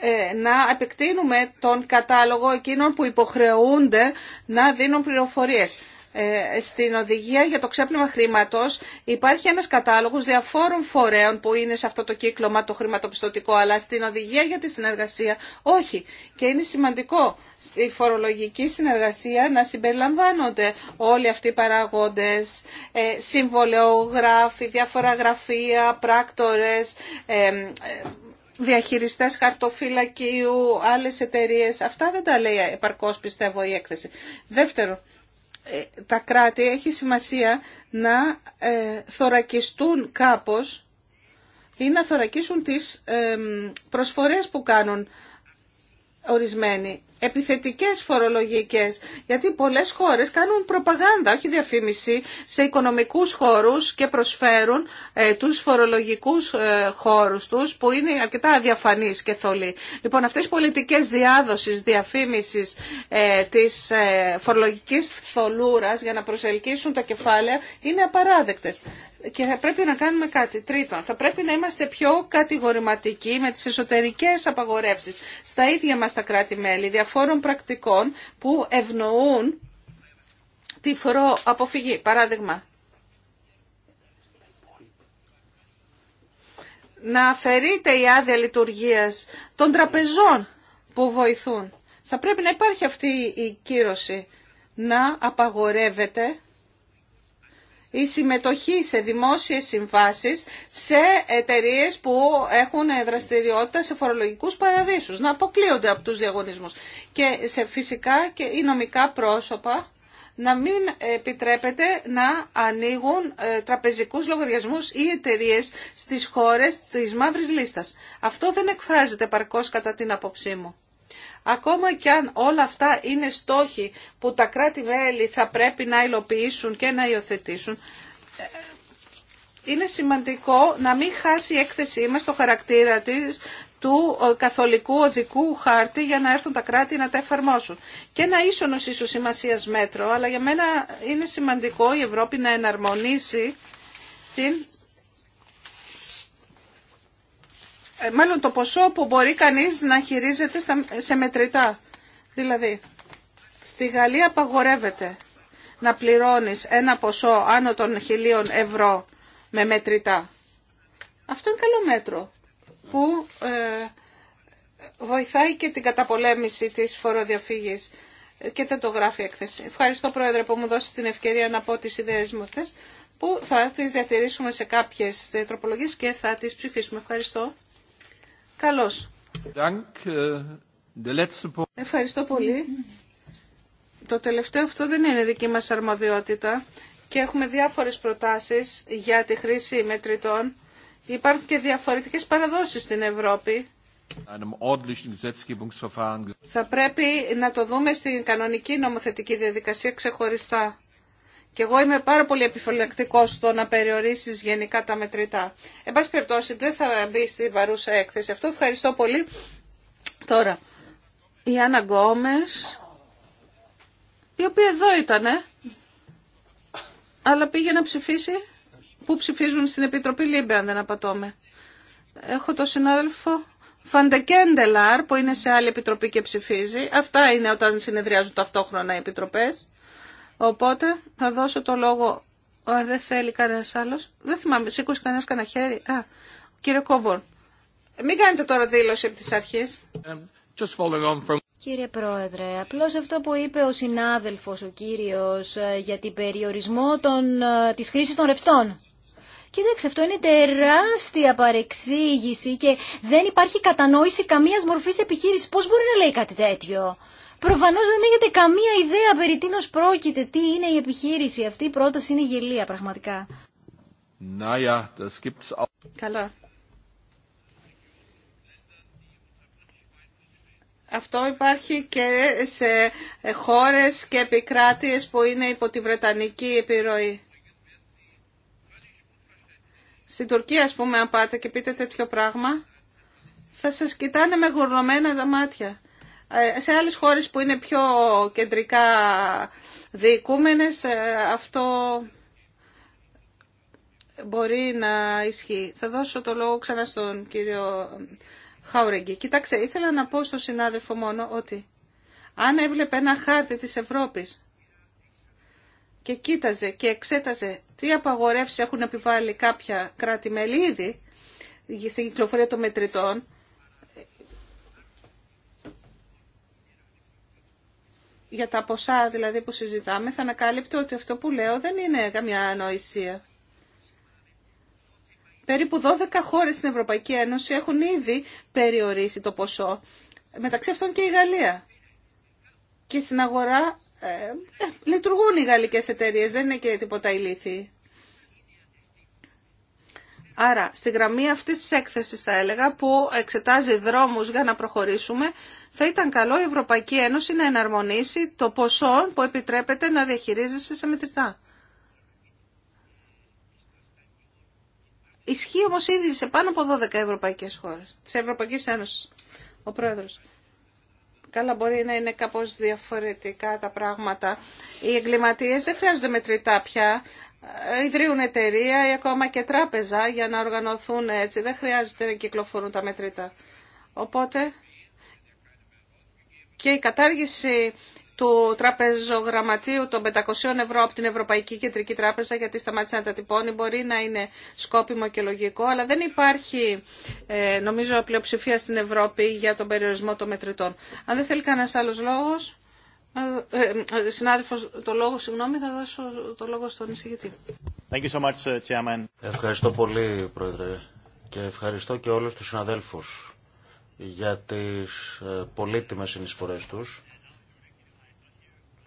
ε, να επεκτείνουμε τον κατάλογο εκείνων που υποχρεούνται να δίνουν πληροφορίες. Ε, στην οδηγία για το ξέπλυμα χρήματος υπάρχει ένας κατάλογος διαφόρων φορέων που είναι σε αυτό το κύκλωμα το χρηματοπιστωτικό, αλλά στην οδηγία για τη συνεργασία όχι. Και είναι σημαντικό στη φορολογική συνεργασία να συμπεριλαμβάνονται όλοι αυτοί οι παράγοντες, ε, συμβολεογράφοι, διάφορα γραφεία, πράκτορες, ε, διαχειριστές χαρτοφυλακίου, άλλες εταιρείες. Αυτά δεν τα λέει επαρκώς πιστεύω η έκθεση. Δεύτερο, ε, τα κράτη έχει σημασία να ε, θωρακιστούν κάπως ή να θωρακίσουν τις προσφορές που κάνουν ορισμένοι επιθετικές φορολογικές, γιατί πολλές χώρες κάνουν προπαγάνδα, όχι διαφήμιση, σε οικονομικούς χώρους και προσφέρουν ε, τους φορολογικούς ε, χώρους τους που είναι αρκετά αδιαφανείς και θολοί. Λοιπόν, αυτές οι πολιτικές διάδοσης, διαφήμισης ε, της φορολογικής θολούρας για να προσελκύσουν τα κεφάλαια είναι απαράδεκτες και θα πρέπει να κάνουμε κάτι. Τρίτον, θα πρέπει να είμαστε πιο κατηγορηματικοί με τις εσωτερικές απαγορεύσεις στα ίδια μας τα κράτη-μέλη διαφόρων πρακτικών που ευνοούν τη φοροαποφυγή. Παράδειγμα, να αφαιρείται η άδεια λειτουργίας των τραπεζών που βοηθούν. Θα πρέπει να υπάρχει αυτή η κύρωση να απαγορεύεται η συμμετοχή σε δημόσιες συμβάσεις σε εταιρείε που έχουν δραστηριότητα σε φορολογικούς παραδείσους, να αποκλείονται από τους διαγωνισμούς και σε φυσικά και οι νομικά πρόσωπα να μην επιτρέπεται να ανοίγουν ε, τραπεζικούς λογαριασμούς ή εταιρείε στις χώρες της μαύρης λίστας. Αυτό δεν εκφράζεται παρκώς κατά την άποψή μου. Ακόμα κι αν όλα αυτά είναι στόχοι που τα κράτη-μέλη θα πρέπει να υλοποιήσουν και να υιοθετήσουν, ε, είναι σημαντικό να μην χάσει η έκθεσή μας το χαρακτήρα της του ε, καθολικού οδικού χάρτη για να έρθουν τα κράτη να τα εφαρμόσουν. Και ένα ίσονος ίσως σημασίας μέτρο, αλλά για μένα είναι σημαντικό η Ευρώπη να εναρμονίσει την Ε, μάλλον το ποσό που μπορεί κανείς να χειρίζεται σε μετρητά. Δηλαδή, στη Γαλλία απαγορεύεται να πληρώνεις ένα ποσό άνω των χιλίων ευρώ με μετρητά. Αυτό είναι καλό μέτρο που ε, βοηθάει και την καταπολέμηση της φοροδιαφύγης και δεν το γράφει η έκθεση. Ευχαριστώ Πρόεδρε που μου δώσει την ευκαιρία να πω τις ιδέες μου αυτές που θα τις διατηρήσουμε σε κάποιες τροπολογίες και θα τις ψηφίσουμε. Ευχαριστώ. Καλώς. Ε, Ευχαριστώ πολύ. Το τελευταίο αυτό δεν είναι δική μας αρμοδιότητα και έχουμε διάφορες προτάσεις για τη χρήση μετρητών. Υπάρχουν και διαφορετικές παραδόσεις στην Ευρώπη. Θα πρέπει να το δούμε στην κανονική νομοθετική διαδικασία ξεχωριστά. Και εγώ είμαι πάρα πολύ επιφυλακτικό στο να περιορίσει γενικά τα μετρητά. Εν πάση περιπτώσει, δεν θα μπει στη παρούσα έκθεση. Αυτό ευχαριστώ πολύ. Τώρα, η Άννα Γκόμες, η οποία εδώ ήταν, αλλά πήγε να ψηφίσει που ψηφίζουν στην Επιτροπή Λίμπε, αν δεν απατώμε. Έχω το συνάδελφο Φαντεκέντελαρ που είναι σε άλλη επιτροπή και ψηφίζει. Αυτά είναι όταν συνεδριάζουν ταυτόχρονα οι επιτροπές. Οπότε θα δώσω το λόγο. δεν θέλει κανένα άλλο. Δεν θυμάμαι, σήκωσε κανένα κανένα χέρι. Α, κύριε Κόμπορν. Μην κάνετε τώρα δήλωση από τι αρχέ. Κύριε Πρόεδρε, απλώς αυτό που είπε ο συνάδελφος, ο κύριος, ε, για την περιορισμό των, ε, της χρήσης των ρευστών. Κοίταξε, αυτό είναι τεράστια παρεξήγηση και δεν υπάρχει κατανόηση καμίας μορφής επιχείρηση Πώς μπορεί να λέει κάτι τέτοιο. Προφανώ δεν έχετε καμία ιδέα περί τίνο πρόκειται, τι είναι η επιχείρηση. Αυτή η πρόταση είναι γελία πραγματικά. ja, das gibt's auch. Καλά. Αυτό υπάρχει και σε χώρες και επικράτειες που είναι υπό τη Βρετανική επιρροή. Στην Τουρκία, α πούμε, αν πάτε και πείτε τέτοιο πράγμα, θα σα κοιτάνε με γουρνωμένα τα μάτια. Ε, σε άλλε χώρες που είναι πιο κεντρικά δικούμενες ε, αυτό μπορεί να ισχύει. Θα δώσω το λόγο ξανά στον κύριο Χάουρεγγι. Κοιτάξτε, ήθελα να πω στον συνάδελφο μόνο ότι αν έβλεπε ένα χάρτη της Ευρώπης και κοίταζε και εξέταζε τι απαγορεύσει εχουν έχουν επιβάλει κάποια κράτη-μέλη ήδη στην κυκλοφορία των μετρητών. Για τα ποσά δηλαδή που συζητάμε θα ανακάλυπτω ότι αυτό που λέω δεν είναι καμιά ανοησία. Περίπου 12 χώρες στην Ευρωπαϊκή Ένωση έχουν ήδη περιορίσει το ποσό. Μεταξύ αυτών και η Γαλλία. Και στην αγορά ε, ε, λειτουργούν οι γαλλικές εταιρείες, δεν είναι και τίποτα ηλίθιοι. Άρα, στη γραμμή αυτής τη έκθεση θα έλεγα, που εξετάζει δρόμους για να προχωρήσουμε, θα ήταν καλό η Ευρωπαϊκή Ένωση να εναρμονίσει το ποσό που επιτρέπεται να διαχειρίζεσαι σε μετρητά. Ισχύει όμως ήδη σε πάνω από 12 ευρωπαϊκές χώρες, τη Ευρωπαϊκή Ένωση, ο Πρόεδρος αλλά μπορεί να είναι κάπως διαφορετικά τα πράγματα. Οι εγκληματίες δεν χρειάζονται μετρητά πια, ε, ιδρύουν εταιρεία ή ακόμα και τράπεζα για να οργανωθούν έτσι, δεν χρειάζεται να κυκλοφορούν τα μετρητά. Οπότε και η κατάργηση του τραπεζογραμματίου των 500 ευρώ από την Ευρωπαϊκή Κεντρική Τράπεζα γιατί σταμάτησε να τα τυπώνει μπορεί να είναι σκόπιμο και λογικό αλλά δεν υπάρχει ε, νομίζω πλειοψηφία στην Ευρώπη για τον περιορισμό των μετρητών. Αν δεν θέλει κανένα άλλο λόγο, ε, ε, ε το λόγο, συγγνώμη, θα δώσω το λόγο στον εισηγητή. Thank you so much, uh, Chairman. Ευχαριστώ πολύ, Πρόεδρε, και ευχαριστώ και όλους τους συναδέλφους για τις πολύτιμες συνεισφορές τους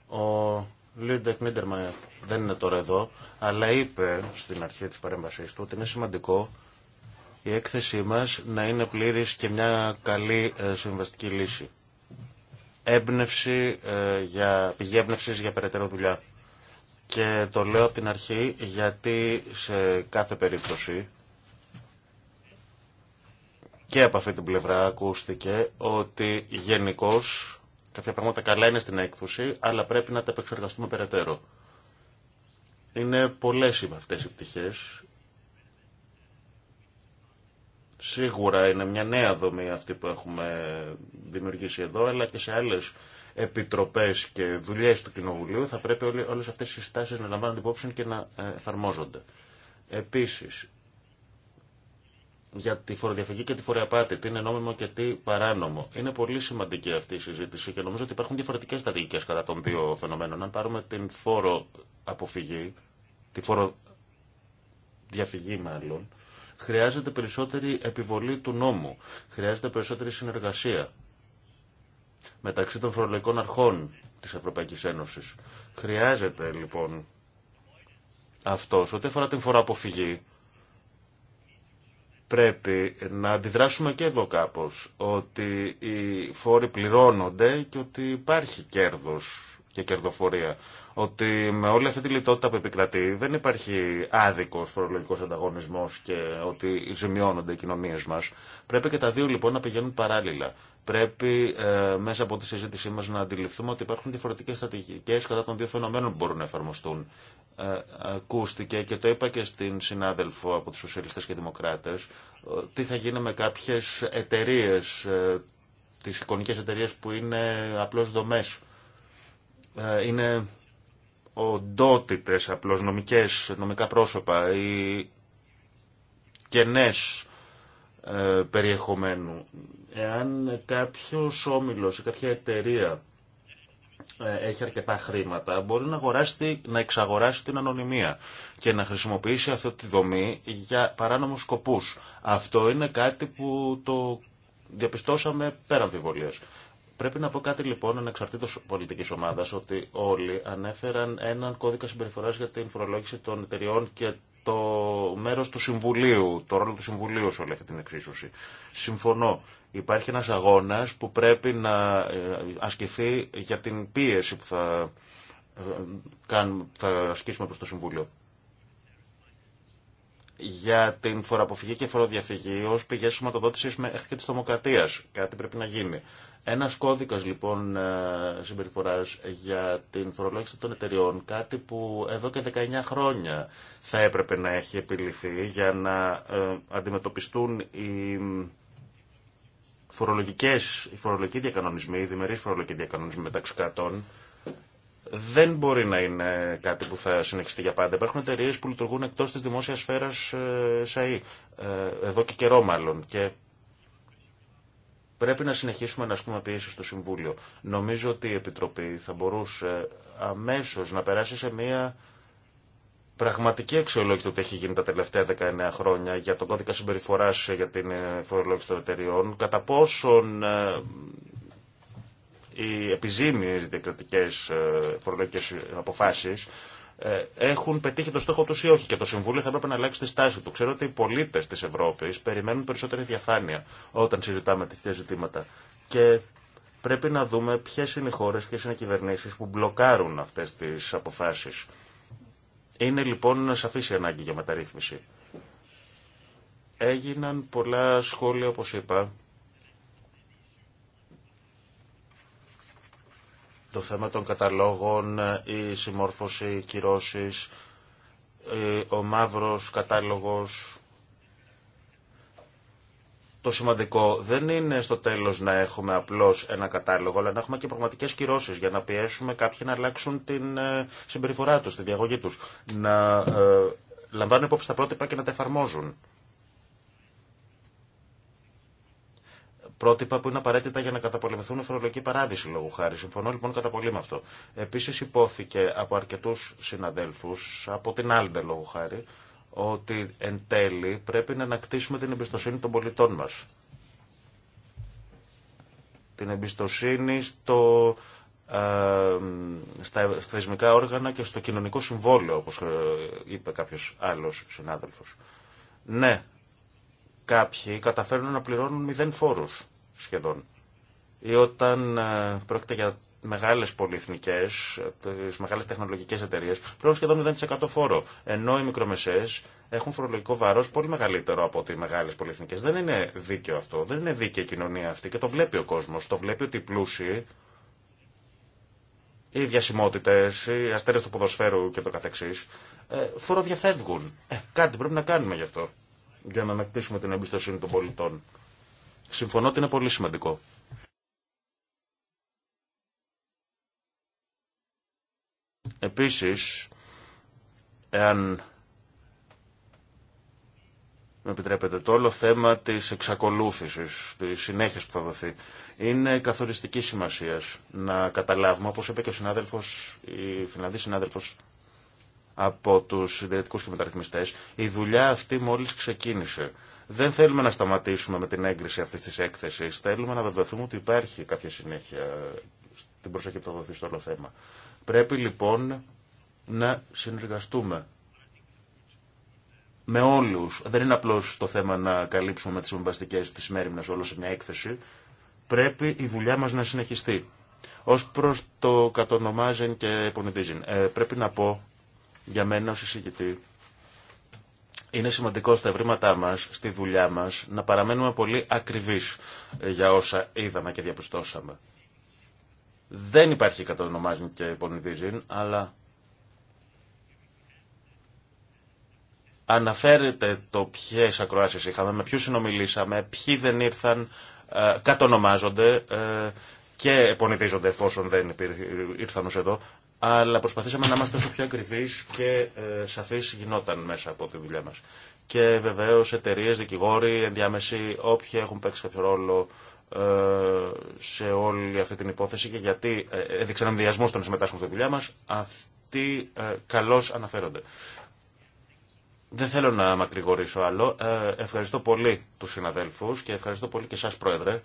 ο Λίντερ Μίντερμα δεν είναι τώρα εδώ, αλλά είπε στην αρχή της παρέμβασής του ότι είναι σημαντικό η έκθεσή μας να είναι πλήρης και μια καλή ε, συμβαστική λύση. Έμπνευση ε, για, πηγή για περαιτέρω δουλειά. Και το λέω από την αρχή γιατί σε κάθε περίπτωση και από αυτή την πλευρά ακούστηκε ότι γενικώς Κάποια πράγματα καλά είναι στην έκδοση, αλλά πρέπει να τα επεξεργαστούμε περαιτέρω. Είναι πολλές οι αυτές οι πτυχές. Σίγουρα είναι μια νέα δομή αυτή που έχουμε δημιουργήσει εδώ, αλλά και σε άλλες επιτροπές και δουλειές του Κοινοβουλίου θα πρέπει όλες αυτές οι συστάσεις να λαμβάνουν υπόψη και να ε, εφαρμόζονται. Επίσης, για τη φοροδιαφυγή και τη φοροαπάτη, τι είναι νόμιμο και τι παράνομο. Είναι πολύ σημαντική αυτή η συζήτηση και νομίζω ότι υπάρχουν διαφορετικέ στρατηγικέ κατά των δύο φαινομένων. Αν πάρουμε την φόρο αποφυγή, τη φόρο μάλλον, χρειάζεται περισσότερη επιβολή του νόμου, χρειάζεται περισσότερη συνεργασία μεταξύ των φορολογικών αρχών της Ευρωπαϊκής Ένωσης. Χρειάζεται λοιπόν αυτός, ό,τι αφορά την αποφυγη πρέπει να αντιδράσουμε και εδώ κάπως, ότι οι φόροι πληρώνονται και ότι υπάρχει κέρδος και κερδοφορία. Ότι με όλη αυτή τη λιτότητα που επικρατεί δεν υπάρχει άδικο φορολογικό ανταγωνισμό και ότι ζημιώνονται οι κοινωνίε μα. Πρέπει και τα δύο λοιπόν να πηγαίνουν παράλληλα. Πρέπει ε, μέσα από τη συζήτησή μα να αντιληφθούμε ότι υπάρχουν διαφορετικέ στρατηγικέ κατά των δύο φαινομένων που μπορούν να εφαρμοστούν. Ε, ακούστηκε και το είπα και στην συνάδελφο από του Σοσιαλιστέ και Δημοκράτε, ε, τι θα γίνει με κάποιε εταιρείε, ε, τι εικονικέ εταιρείε που είναι απλώ δομέ ε, είναι οντότητες απλώς, νομικές, νομικά πρόσωπα ή κενές ε, περιεχομένου. Εάν κάποιος όμιλος ή κάποια εταιρεία ε, έχει αρκετά χρήματα, μπορεί να, αγοράσει, να εξαγοράσει την ανωνυμία και να χρησιμοποιήσει αυτή τη δομή για παράνομους σκοπούς. Αυτό είναι κάτι που το διαπιστώσαμε πέρα αμφιβολίας. Πρέπει να πω κάτι λοιπόν ανεξαρτήτω πολιτική ομάδα ότι όλοι ανέφεραν έναν κώδικα συμπεριφορά για την φορολόγηση των εταιριών και το μέρο του Συμβουλίου, το ρόλο του Συμβουλίου σε όλη αυτή την εξίσωση. Συμφωνώ. Υπάρχει ένα αγώνα που πρέπει να ε, ασκηθεί για την πίεση που θα, ε, θα ασκήσουμε προ το Συμβούλιο για την φοροαποφυγή και φοροδιαφυγή ω πηγέ χρηματοδότηση μέχρι και τη τρομοκρατία. Κάτι πρέπει να γίνει. Ένα κώδικα λοιπόν ε, συμπεριφορά για την φορολόγηση των εταιριών, κάτι που εδώ και 19 χρόνια θα έπρεπε να έχει επιληθεί για να ε, αντιμετωπιστούν οι φορολογικές, οι φορολογικοί διακανονισμοί, οι διμερείς φορολογικοί διακανονισμοί μεταξύ κρατών δεν μπορεί να είναι κάτι που θα συνεχιστεί για πάντα. Υπάρχουν εταιρείε που λειτουργούν εκτό τη δημόσια σφαίρα ε, ΣΑΗ. Ε, εδώ και καιρό μάλλον. Και πρέπει να συνεχίσουμε να ασκούμε πίεση στο Συμβούλιο. Νομίζω ότι η Επιτροπή θα μπορούσε αμέσω να περάσει σε μία πραγματική αξιολόγηση του ότι έχει γίνει τα τελευταία 19 χρόνια για τον κώδικα συμπεριφορά για την φορολόγηση των εταιριών. Κατά πόσον ε, οι επιζήμιες διακρατικές ε, φορολογικές αποφάσεις ε, έχουν πετύχει το στόχο τους ή όχι. Και το Συμβούλιο θα έπρεπε να αλλάξει τη στάση του. Ξέρω ότι οι πολίτες της Ευρώπης περιμένουν περισσότερη διαφάνεια όταν συζητάμε τέτοια ζητήματα. Και πρέπει να δούμε ποιε είναι οι χώρες, ποιε είναι οι κυβερνήσει που μπλοκάρουν αυτές τις αποφάσεις. Είναι λοιπόν σαφής η ανάγκη για μεταρρύθμιση. Έγιναν πολλά σχόλια, όπως είπα, Το θέμα των καταλόγων, ε, η συμμόρφωση, οι κυρώσεις, ε, ο μαύρος κατάλογος. Το σημαντικό δεν είναι στο τέλος να έχουμε απλώς ένα κατάλογο, αλλά να έχουμε και πραγματικές κυρώσεις για να πιέσουμε κάποιοι να αλλάξουν την ε, συμπεριφορά τους, τη διαγωγή τους. Να λαμβάνουν υπόψη τα πρότυπα και να τα εφαρμόζουν. Πρότυπα που είναι απαραίτητα για να καταπολεμηθούν φορολογικοί παράδειση λόγου χάρη. Συμφωνώ λοιπόν κατά πολύ με αυτό. Επίση υπόθηκε από αρκετού συναδέλφου, από την Άλντε λόγου χάρη, ότι εν τέλει πρέπει να ανακτήσουμε την εμπιστοσύνη των πολιτών μα. Την εμπιστοσύνη στο ε, στα θεσμικά όργανα και στο κοινωνικό συμβόλαιο, όπως ε, είπε κάποιος άλλος συνάδελφος. Ναι, Κάποιοι καταφέρνουν να πληρώνουν μηδέν φόρους σχεδόν. Ή όταν ε, πρόκειται για μεγάλε πολυεθνικέ, ε, τι μεγάλε τεχνολογικέ εταιρείε, πλέον σχεδόν 0% φόρο. Ενώ οι μικρομεσαίε έχουν φορολογικό βάρο πολύ μεγαλύτερο από ότι οι μεγάλε πολυεθνικέ. Δεν είναι δίκαιο αυτό. Δεν είναι δίκαιη η οταν προκειται για μεγαλες πολυεθνικες τις μεγαλες τεχνολογικες εταιρειε πληρωνουν σχεδον 0 φορο ενω οι μικρομεσαίες εχουν φορολογικο βαρος πολυ μεγαλυτερο απο οτι οι μεγαλε πολυεθνικε δεν ειναι δικαιο αυτο δεν ειναι δικαιη η κοινωνια αυτη Και το βλέπει ο κόσμος. Το βλέπει ότι οι πλούσιοι, οι διασημότητες, οι αστέρες του ποδοσφαίρου και το καθεξή, ε, φοροδιαφεύγουν. Ε, κάτι πρέπει να κάνουμε γι' αυτό για να ανακτήσουμε την εμπιστοσύνη των πολιτών. Συμφωνώ ότι είναι πολύ σημαντικό. Επίσης, εάν με επιτρέπετε, το όλο θέμα της εξακολούθησης, της συνέχεια που θα δοθεί, είναι καθοριστική σημασίας να καταλάβουμε, όπως είπε και ο συνάδελφος, η Φιλανδή συνάδελφος από του συντηρητικού και μεταρρυθμιστές. Η δουλειά αυτή μόλι ξεκίνησε. Δεν θέλουμε να σταματήσουμε με την έγκριση αυτή τη έκθεση. Θέλουμε να βεβαιωθούμε ότι υπάρχει κάποια συνέχεια στην προσοχή που θα δοθεί στο όλο θέμα. Πρέπει λοιπόν να συνεργαστούμε με όλου. Δεν είναι απλώ το θέμα να καλύψουμε με τις συμβαστικές της μέρημνας όλο σε μια έκθεση. Πρέπει η δουλειά μα να συνεχιστεί. Ω προ το κατονομάζει και πονηδίζεν. Ε, πρέπει να πω για μένα ως εισηγητή είναι σημαντικό στα ευρήματά μας, στη δουλειά μας, να παραμένουμε πολύ ακριβείς ε, για όσα είδαμε και διαπιστώσαμε. Δεν υπάρχει κατονομάζουν και πονηδίζουν, αλλά αναφέρεται το ποιες ακροάσεις είχαμε, με ποιους συνομιλήσαμε, ποιοι δεν ήρθαν, ε, κατονομάζονται ε, και πονιδίζονται εφόσον δεν ήρθαν ως εδώ αλλά προσπαθήσαμε να είμαστε όσο πιο ακριβείς και ε, σαφείς γινόταν μέσα από τη δουλειά μα. Και βεβαίως εταιρείε, δικηγόροι, ενδιάμεση, όποιοι έχουν παίξει κάποιο ρόλο ε, σε όλη αυτή την υπόθεση και γιατί ε, έδειξαν ενδιασμό να συμμετάσχουν στη δουλειά μα. αυτοί ε, καλώ αναφέρονται. Δεν θέλω να μακρηγορήσω άλλο. Ευχαριστώ πολύ του συναδέλφου και ευχαριστώ πολύ και εσά, Πρόεδρε,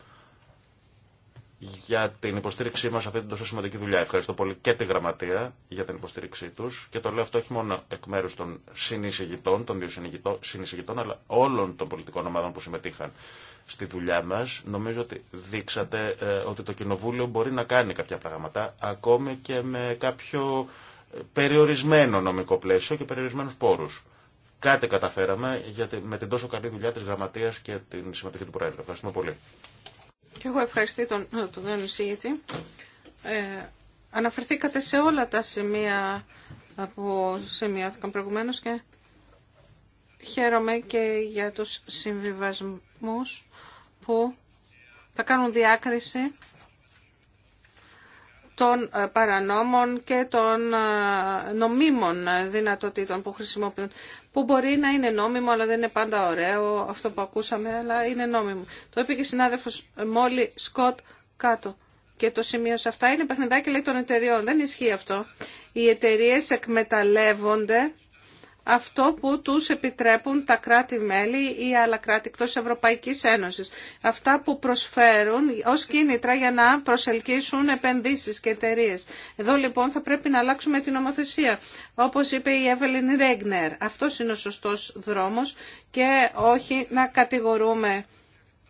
για την υποστήριξή μα σε αυτή την τόσο σημαντική δουλειά. Ευχαριστώ πολύ και τη Γραμματεία για την υποστήριξή του και το λέω αυτό όχι μόνο εκ μέρου των συνεισηγητών, των δύο συνεισηγητών, αλλά όλων των πολιτικών ομάδων που συμμετείχαν στη δουλειά μα. Νομίζω ότι δείξατε ε, ότι το Κοινοβούλιο μπορεί να κάνει κάποια πράγματα, ακόμη και με κάποιο ε, περιορισμένο νομικό πλαίσιο και περιορισμένου πόρου. Κάτι καταφέραμε με την τόσο καλή δουλειά τη γραμματεία και την συμμετοχή του Πρόεδρου. Ευχαριστούμε πολύ. Και εγώ ευχαριστώ τον, ε, τον εισηγητή. Ε, αναφερθήκατε σε όλα τα σημεία που σημειώθηκαν προηγουμένως και χαίρομαι και για τους συμβιβασμούς που θα κάνουν διάκριση των ε, παρανόμων και των ε, νομίμων ε, δυνατοτήτων που χρησιμοποιούν, που μπορεί να είναι νόμιμο, αλλά δεν είναι πάντα ωραίο αυτό που ακούσαμε, αλλά είναι νόμιμο. Το είπε και συνάδελφο Μόλι Σκοτ κάτω και το σημείο σε αυτά είναι παιχνιδάκι των εταιριών. Δεν ισχύει αυτό. Οι εταιρείε εκμεταλλεύονται αυτό που τους επιτρέπουν τα κράτη-μέλη ή άλλα κράτη εκτός Ευρωπαϊκής Ένωσης. Αυτά που προσφέρουν ως κίνητρα για να προσελκύσουν επενδύσεις και εταιρείε. Εδώ λοιπόν θα πρέπει να αλλάξουμε την νομοθεσία. Όπως είπε η Εύελιν Ρέγνερ, αυτό είναι ο σωστός δρόμος και όχι να κατηγορούμε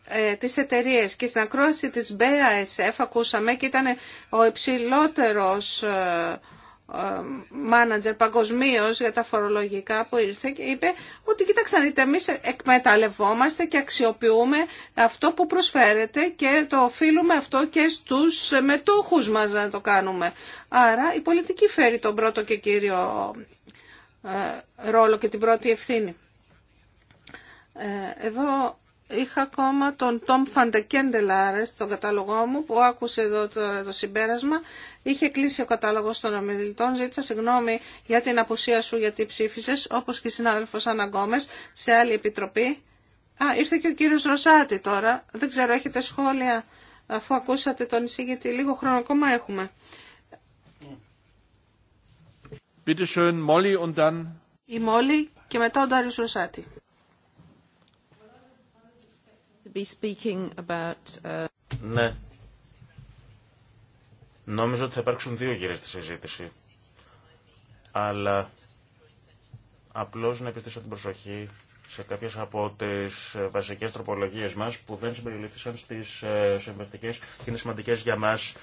ε, τις εταιρείες και στην ακρόαση της BASF ακούσαμε και ήταν ο υψηλότερος ε, μάνατζερ παγκοσμίω για τα φορολογικά που ήρθε και είπε ότι κοίταξαν δείτε εμεί εκμεταλλευόμαστε και αξιοποιούμε αυτό που προσφέρεται και το οφείλουμε αυτό και στους μετόχους μας να το κάνουμε. Άρα η πολιτική φέρει τον πρώτο και κύριο ε, ρόλο και την πρώτη ευθύνη. Ε, εδώ Είχα ακόμα τον Τόμ Φαντεκέντελάρε στον κατάλογό μου που άκουσε εδώ το, το συμπέρασμα. Είχε κλείσει ο κατάλογο των ομιλητών. Ζήτησα συγγνώμη για την απουσία σου γιατί ψήφισε, όπω και η συνάδελφο Αναγκόμε, σε άλλη επιτροπή. Α, ήρθε και ο κύριο Ρωσάτη τώρα. Δεν ξέρω, έχετε σχόλια αφού ακούσατε τον εισηγητή. Λίγο χρόνο ακόμα έχουμε. Η Μόλι και μετά ο Ντάριο Ρωσάτη be uh, Ναι. Νόμιζα ότι θα υπάρξουν δύο γύρες στη συζήτηση. Αλλά απλώς να επιστήσω την προσοχή σε κάποιες από τις ε, βασικές τροπολογίες μας που δεν συμπεριλήφθησαν στις ε, συμβαστικές και είναι σημαντικές για μας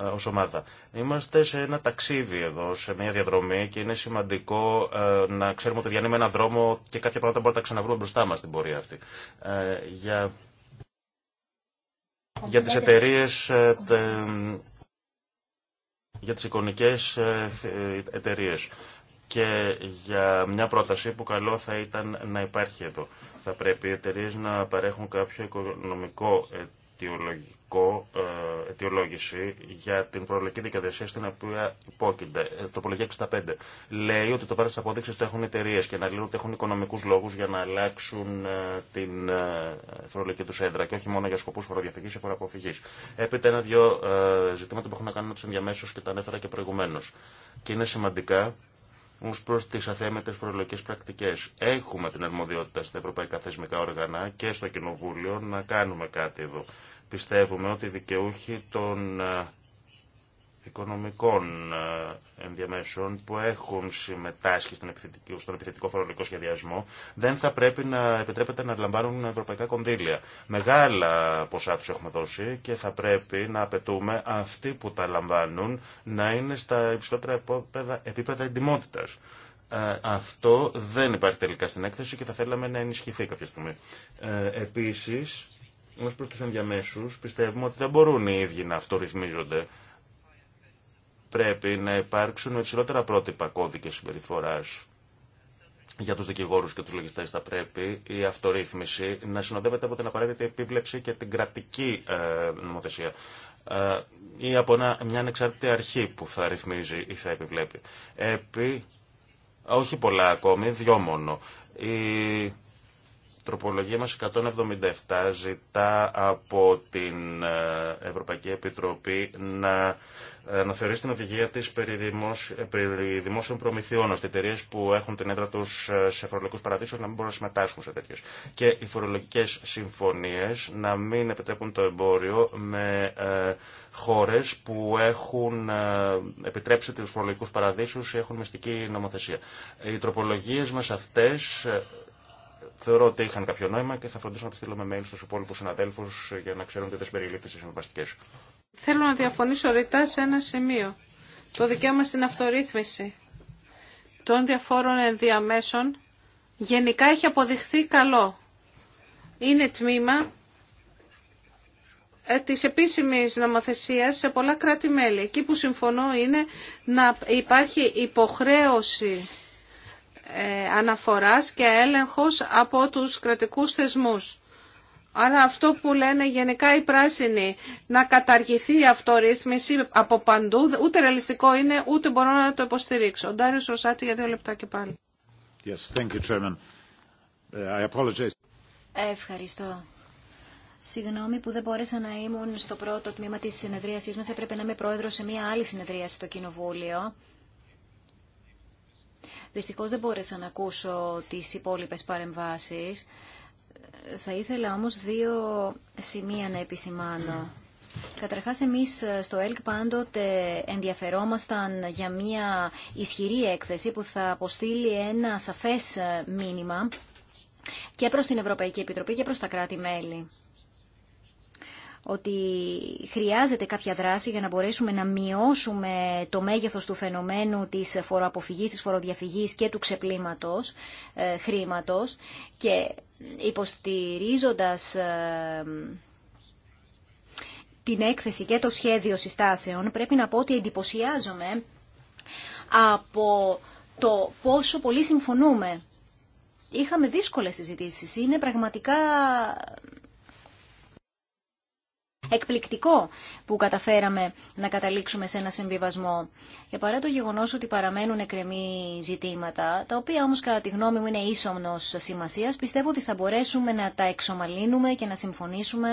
ε, ως ομάδα. Είμαστε σε ένα ταξίδι εδώ, σε μια διαδρομή και είναι σημαντικό να ξέρουμε ότι διανύουμε ένα δρόμο και κάποια πράγματα μπορούμε να τα ξαναβρούμε μπροστά μας την πορεία αυτή. για για τις εταιρείες, ε, για τις εικονικές ε, ε, εταιρείες και για μια πρόταση που καλό θα ήταν να υπάρχει εδώ. Θα πρέπει οι εταιρείε να παρέχουν κάποιο οικονομικό αιτιολογικό, ε, αιτιολόγηση για την προλογική δικαιοδοσία στην οποία υπόκεινται. Ε, τροπολογία 65. Λέει ότι το βάρο τη απόδειξη το έχουν εταιρείε και να λένε ότι έχουν οικονομικού λόγου για να αλλάξουν ε, την ε, φορολογική του έδρα και όχι μόνο για σκοπού φοροδιαφυγή ή φοροαποφυγή. Έπειτα ένα-δυο ζητήματα που έχουν να κάνουν με του και τα ανέφερα και προηγουμένω. Και είναι σημαντικά ως προς τις αθέμετες φορολογικές πρακτικές. Έχουμε την αρμοδιότητα στα ευρωπαϊκά θεσμικά όργανα και στο Κοινοβούλιο να κάνουμε κάτι εδώ. Πιστεύουμε ότι οι δικαιούχοι των ε, οικονομικών ε, ενδιαμέσων που έχουν συμμετάσχει στον επιθετικό φορολογικό σχεδιασμό δεν θα πρέπει να επιτρέπεται να λαμβάνουν ευρωπαϊκά κονδύλια. Μεγάλα ποσά τους έχουμε δώσει και θα πρέπει να απαιτούμε αυτοί που τα λαμβάνουν να είναι στα υψηλότερα επίπεδα, επίπεδα εντιμότητας. Ε, αυτό δεν υπάρχει τελικά στην έκθεση και θα θέλαμε να ενισχυθεί κάποια στιγμή. επίσης, Ω προ του ενδιαμέσου, πιστεύουμε ότι δεν μπορούν οι ίδιοι να αυτορυθμίζονται. Πρέπει να υπάρξουν υψηλότερα πρότυπα κώδικε συμπεριφορά για του δικηγόρου και του λογιστέ. Θα πρέπει η αυτορύθμιση να συνοδεύεται από την απαραίτητη επίβλεψη και την κρατική ε, νομοθεσία ε, ή από μια ανεξάρτητη αρχή που θα ρυθμίζει ή θα επιβλέπει. Επί, όχι πολλά ακόμη, δυο μόνο. Η τροπολογία μας 177 ζητά από την ε, Ευρωπαϊκή Επιτροπή να ε, να την οδηγία της περί ε, δημόσιων προμηθειών, ώστε εταιρείε που έχουν την έδρα τους σε φορολογικούς παραδείσους να μην μπορούν να συμμετάσχουν σε τέτοιε. Και οι φορολογικές συμφωνίες να μην επιτρέπουν το εμπόριο με χώρες που έχουν επιτρέψει του φορολογικούς παραδείσους ή έχουν μυστική νομοθεσία. Οι τροπολογίε μα αυτέ θεωρώ ότι είχαν κάποιο νόημα και θα φροντίσω να τη στείλω με mail στου υπόλοιπου συναδέλφου για να ξέρουν και τι περιλήψει συμβαστικέ. Θέλω να διαφωνήσω ρητά σε ένα σημείο. Το δικαίωμα στην αυτορύθμιση των διαφόρων ενδιαμέσων γενικά έχει αποδειχθεί καλό. Είναι τμήμα ε, τη επίσημη νομοθεσία σε πολλά κράτη-μέλη. Εκεί που συμφωνώ είναι να υπάρχει υποχρέωση ε, αναφοράς και έλεγχος από τους κρατικούς θεσμούς. Άρα αυτό που λένε γενικά οι πράσινοι, να καταργηθεί η αυτορύθμιση από παντού, ούτε ρεαλιστικό είναι, ούτε μπορώ να το υποστηρίξω. Ο Ντάριος Ρωσάτη για δύο λεπτά και πάλι. Yes, thank you, Chairman. Ε, I apologize. Ευχαριστώ. Συγγνώμη που δεν μπόρεσα να ήμουν στο πρώτο τμήμα της συνεδρίασής μας. Έπρεπε να είμαι πρόεδρος σε μια άλλη συνεδρίαση στο Κοινοβούλιο. Δυστυχώς δεν μπόρεσα να ακούσω τις υπόλοιπες παρεμβάσεις. Θα ήθελα όμως δύο σημεία να επισημάνω. Καταρχάς εμείς στο ΕΛΚ πάντοτε ενδιαφερόμασταν για μια ισχυρή έκθεση που θα αποστείλει ένα σαφές μήνυμα και προς την Ευρωπαϊκή Επιτροπή και προς τα κράτη-μέλη ότι χρειάζεται κάποια δράση για να μπορέσουμε να μειώσουμε το μέγεθος του φαινομένου της φοροαποφυγής, της φοροδιαφυγής και του ξεπλήματος ε, χρήματος και υποστηρίζοντας ε, την έκθεση και το σχέδιο συστάσεων, πρέπει να πω ότι εντυπωσιάζομαι από το πόσο πολύ συμφωνούμε. Είχαμε δύσκολες συζητήσεις. Είναι πραγματικά εκπληκτικό που καταφέραμε να καταλήξουμε σε ένα συμβιβασμό. Και παρά το γεγονός ότι παραμένουν εκκρεμή ζητήματα, τα οποία όμως κατά τη γνώμη μου είναι ίσομνος σημασίας, πιστεύω ότι θα μπορέσουμε να τα εξομαλύνουμε και να συμφωνήσουμε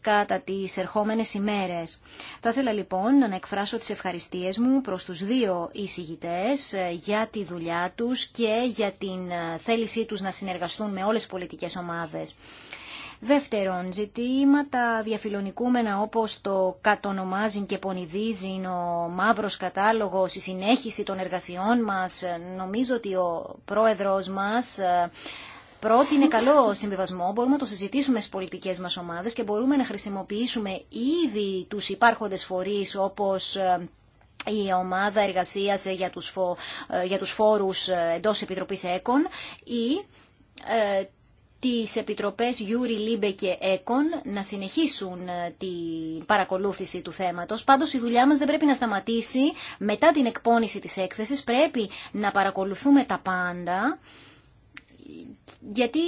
κατά τις ερχόμενες ημέρες. Θα ήθελα λοιπόν να εκφράσω τις ευχαριστίες μου προς τους δύο εισηγητές ε, για τη δουλειά τους και για την ε, θέλησή τους να συνεργαστούν με όλες τις πολιτικές ομάδες. Δεύτερον, ζητήματα διαφιλονικούμενα όπως το κατονομάζει και πονηδίζει ο μαύρος κατάλογος, η συνέχιση των εργασιών μας. Νομίζω ότι ο πρόεδρος μας ε, πρότεινε καλό συμβιβασμό, μπορούμε να το συζητήσουμε στις πολιτικές μας ομάδες και μπορούμε να χρησιμοποιήσουμε ήδη τους υπάρχοντες φορείς όπως ε, η ομάδα εργασίας για τους, ε, για τους φόρους εντός Επιτροπής ΕΚΟΝ ή τις επιτροπές Γιούρι, Λίμπε και Έκον να συνεχίσουν ε, την παρακολούθηση του θέματος. Πάντως η δουλειά μας δεν πρέπει να σταματήσει μετά την εκπόνηση της έκθεσης. Πρέπει να παρακολουθούμε τα πάντα γιατί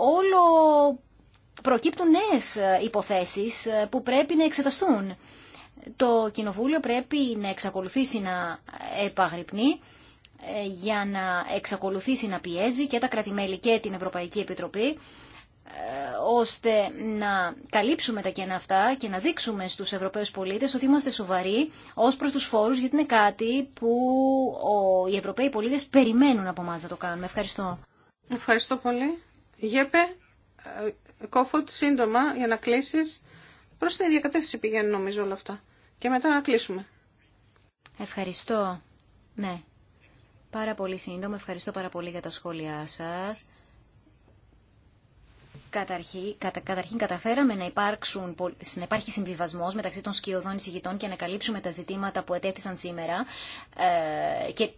όλο προκύπτουν νέες ε, υποθέσεις ε, που πρέπει να εξεταστούν. Το Κοινοβούλιο πρέπει να εξακολουθήσει να επαγρυπνεί ε, για να εξακολουθήσει να πιέζει και τα κρατημέλη και την Ευρωπαϊκή Επιτροπή ε, ώστε να καλύψουμε τα κενά αυτά και να δείξουμε στους Ευρωπαίους πολίτες ότι είμαστε σοβαροί ως προς τους φόρους, γιατί είναι κάτι που οι Ευρωπαίοι πολίτες περιμένουν από μας να το κάνουμε. Ευχαριστώ. Ευχαριστώ πολύ. Γέπε, ε, κόφωτ σύντομα για να κλείσεις. Προς την ίδια πηγαίνουν νομίζω όλα αυτά. Και μετά να κλείσουμε. Ευχαριστώ. Ναι. Πάρα πολύ σύντομα. Ευχαριστώ πάρα πολύ για τα σχόλιά σας. Καταρχή, κατα, καταρχήν καταφέραμε να, υπάρξουν, να υπάρχει συμβιβασμός μεταξύ των σκιωδών εισηγητών και να καλύψουμε τα ζητήματα που ετέθησαν σήμερα ε, και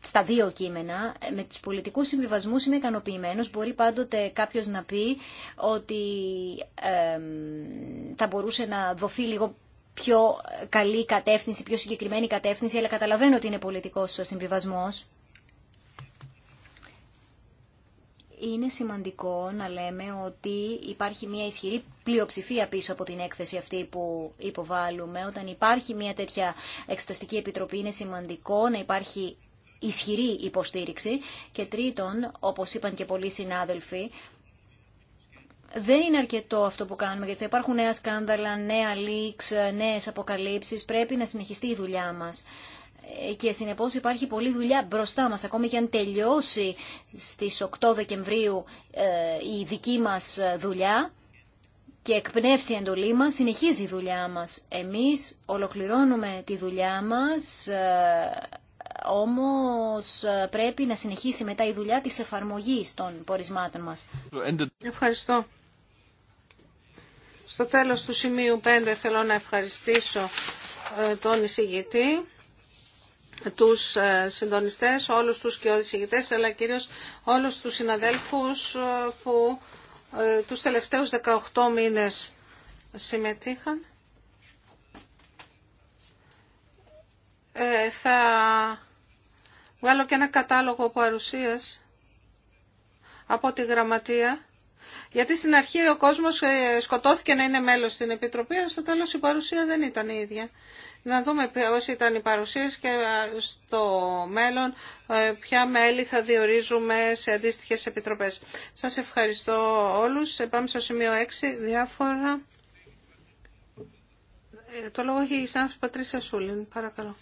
στα δύο κείμενα. Ε, με τους πολιτικούς συμβιβασμούς είμαι ικανοποιημένο. Μπορεί πάντοτε κάποιος να πει ότι ε, θα μπορούσε να δοθεί λίγο πιο καλή κατεύθυνση, πιο συγκεκριμένη κατεύθυνση, αλλά καταλαβαίνω ότι είναι πολιτικός συμβιβασμό. Είναι σημαντικό να λέμε ότι υπάρχει μια ισχυρή πλειοψηφία πίσω από την έκθεση αυτή που υποβάλλουμε. Όταν υπάρχει μια τέτοια εξεταστική επιτροπή είναι σημαντικό να υπάρχει ισχυρή υποστήριξη. Και τρίτον, όπως είπαν και πολλοί συνάδελφοι, δεν είναι αρκετό αυτό που κάνουμε, γιατί θα υπάρχουν νέα σκάνδαλα, νέα leaks, νέες αποκαλύψεις. Πρέπει να συνεχιστεί η δουλειά μας. Ε, και συνεπώς υπάρχει πολλή δουλειά μπροστά μας, ακόμη και αν τελειώσει στις 8 Δεκεμβρίου ε, η δική μας δουλειά και εκπνεύσει η εντολή μας, συνεχίζει η δουλειά μας. Εμείς ολοκληρώνουμε τη δουλειά μας, ε, όμως πρέπει να συνεχίσει μετά η δουλειά της εφαρμογής των πορισμάτων μας. Ευχαριστώ. Στο τέλος του σημείου 5 θέλω να ευχαριστήσω ε, τον εισηγητή, τους ε, συντονιστές, όλους τους και εισηγητές, αλλά κυρίως όλους τους συναδέλφους ε, που τους τελευταίους 18 μήνες συμμετείχαν. θα βγάλω και ένα κατάλογο παρουσίας από τη γραμματεία γιατί στην αρχή ο κόσμος ε, σκοτώθηκε να είναι μέλος στην Επιτροπή, αλλά στο τέλος η παρουσία δεν ήταν η ίδια. Να δούμε ποιες ήταν οι παρουσίες και στο μέλλον ε, ποια μέλη θα διορίζουμε σε αντίστοιχες επιτροπές. Σας ευχαριστώ όλους. Ε, πάμε στο σημείο 6, διάφορα. Το λόγο έχει η Σάνφη Πατρίσια Σούλιν. Παρακαλώ.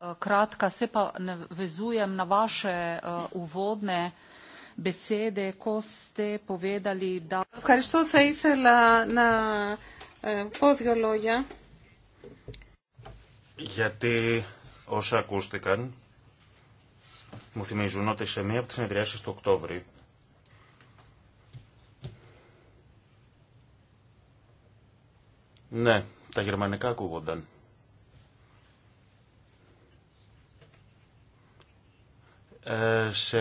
Eh, kratka se pa vezujem na vaše eh, uvodne besede, ko ste povedali da... Ευχαριστώ. Θα ήθελα να ε, πω δύο λόγια. Γιατί όσα ακούστηκαν μου θυμίζουν ότι σε μία από τις συνεδριάσεις του Οκτώβρη ναι, τα γερμανικά ακούγονταν. Ε, σε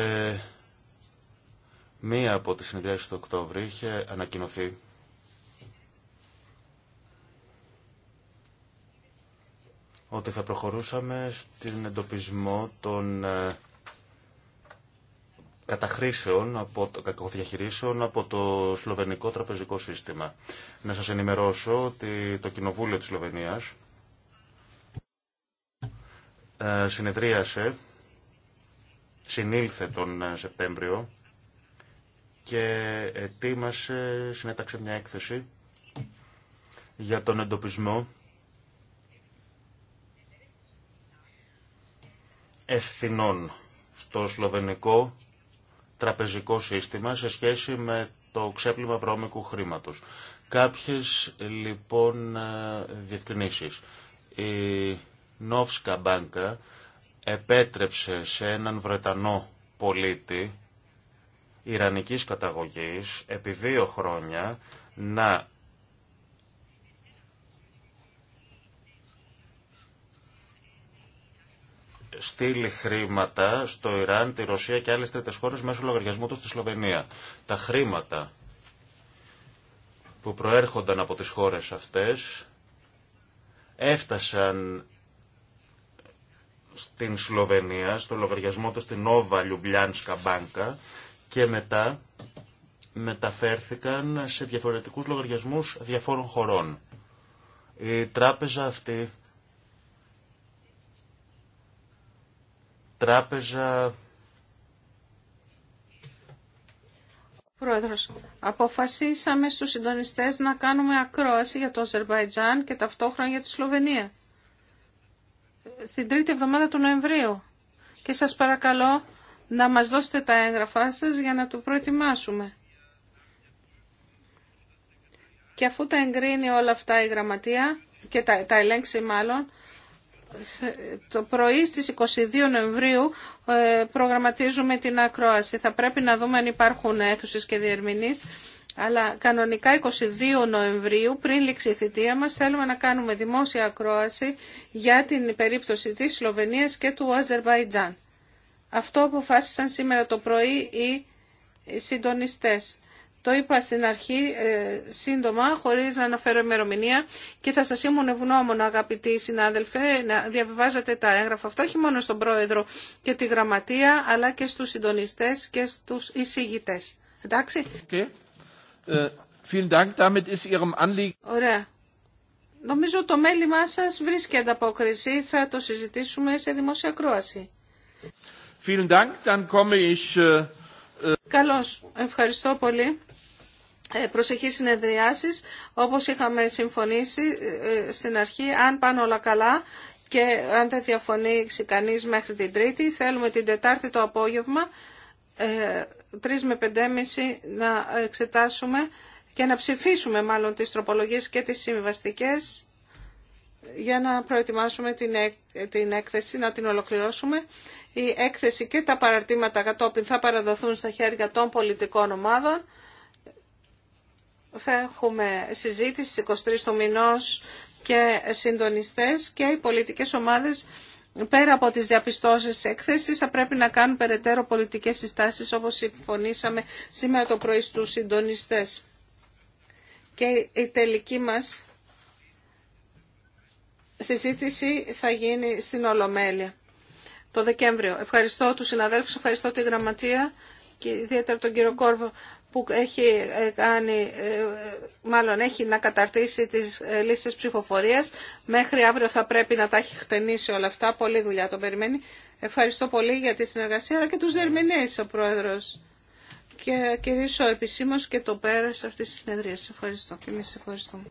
μία από τις συνεδριάσεις του Οκτώβρη είχε ανακοινωθεί ότι θα προχωρούσαμε στην εντοπισμό των ε, καταχρήσεων, από, κακοδιαχειρήσεων από το σλοβενικό τραπεζικό σύστημα. Να σας ενημερώσω ότι το Κοινοβούλιο της Σλοβενίας ε, συνεδρίασε συνήλθε τον ε, Σεπτέμβριο και ετοίμασε, συνέταξε μια έκθεση για τον εντοπισμό ευθυνών στο σλοβενικό τραπεζικό σύστημα σε σχέση με το ξέπλυμα βρώμικου χρήματος. Κάποιες λοιπόν ε, διευκρινήσεις. Η Νόφσκα Μπάνκα επέτρεψε σε έναν Βρετανό πολίτη Ιρανικής καταγωγής επί δύο χρόνια να στείλει χρήματα στο Ιράν, τη Ρωσία και άλλες τρίτες χώρες μέσω λογαριασμού του στη Σλοβενία. Τα χρήματα που προέρχονταν από τις χώρες αυτές έφτασαν στην Σλοβενία, στο λογαριασμό του στην Όβα Λιουμπλιάνσκα Μπάνκα και μετά μεταφέρθηκαν σε διαφορετικούς λογαριασμούς διαφόρων χωρών. Η τράπεζα αυτή, τράπεζα... Πρόεδρος, αποφασίσαμε στους συντονιστές να κάνουμε ακρόαση για το Αζερβαϊτζάν και ταυτόχρονα για τη Σλοβενία την τρίτη εβδομάδα του Νοεμβρίου και σας παρακαλώ να μας δώσετε τα έγγραφά σας για να το προετοιμάσουμε. Και αφού τα εγκρίνει όλα αυτά η γραμματεία και τα, τα ελέγξει μάλλον, το πρωί στις 22 Νοεμβρίου ε, προγραμματίζουμε την ακρόαση. Θα πρέπει να δούμε αν υπάρχουν αίθουσες και διερμηνείς αλλά κανονικά 22 Νοεμβρίου, πριν λήξει η θητεία μας, θέλουμε να κάνουμε δημόσια ακρόαση για την περίπτωση της Σλοβενίας και του Αζερβαϊτζάν. Αυτό αποφάσισαν σήμερα το πρωί οι συντονιστές. Το είπα στην αρχή ε, σύντομα, χωρίς να αναφέρω ημερομηνία και θα σας ήμουν ευγνώμων αγαπητοί συνάδελφοι, να διαβιβάζετε τα έγγραφα Αυτό όχι μόνο στον Πρόεδρο και τη Γραμματεία αλλά και στους συντονιστές και στους εισηγητές. Εντάξει. Ε, vielen Dank, damit Ωραία. Νομίζω το μέλημά σα βρίσκει ανταπόκριση. Θα το συζητήσουμε σε δημόσια κρόαση. Vielen Dank, dann komme ε, ε- Ευχαριστώ πολύ. προσεχή συνεδριάσει. όπως είχαμε συμφωνήσει στην αρχή, αν πάνε όλα καλά και αν δεν διαφωνήσει κανεί μέχρι την Τρίτη, θέλουμε την Τετάρτη το απόγευμα 3 με 5,5 να εξετάσουμε και να ψηφίσουμε μάλλον τις τροπολογίες και τις συμβαστικές για να προετοιμάσουμε την, την έκθεση, να την ολοκληρώσουμε. Η έκθεση και τα παραρτήματα κατόπιν θα παραδοθούν στα χέρια των πολιτικών ομάδων. Θα έχουμε συζήτηση 23 του μηνός και συντονιστές και οι πολιτικές ομάδες πέρα από τις διαπιστώσεις έκθεσης θα πρέπει να κάνουν περαιτέρω πολιτικές συστάσεις όπως συμφωνήσαμε σήμερα το πρωί στους συντονιστές. Και η τελική μας συζήτηση θα γίνει στην Ολομέλεια το Δεκέμβριο. Ευχαριστώ τους συναδέλφους, ευχαριστώ τη Γραμματεία και ιδιαίτερα τον κύριο Κόρβο που έχει ε, κάνει, ε, μάλλον έχει να καταρτήσει τις ε, λίστες ψηφοφορίας. Μέχρι αύριο θα πρέπει να τα έχει χτενίσει όλα αυτά. Πολύ δουλειά τον περιμένει. Ευχαριστώ πολύ για τη συνεργασία, αλλά και τους δερμηνείς ο Πρόεδρος. Και κηρύσω επισήμως και το πέρας αυτής της συνεδρίας. Ευχαριστώ. εμείς ευχαριστούμε.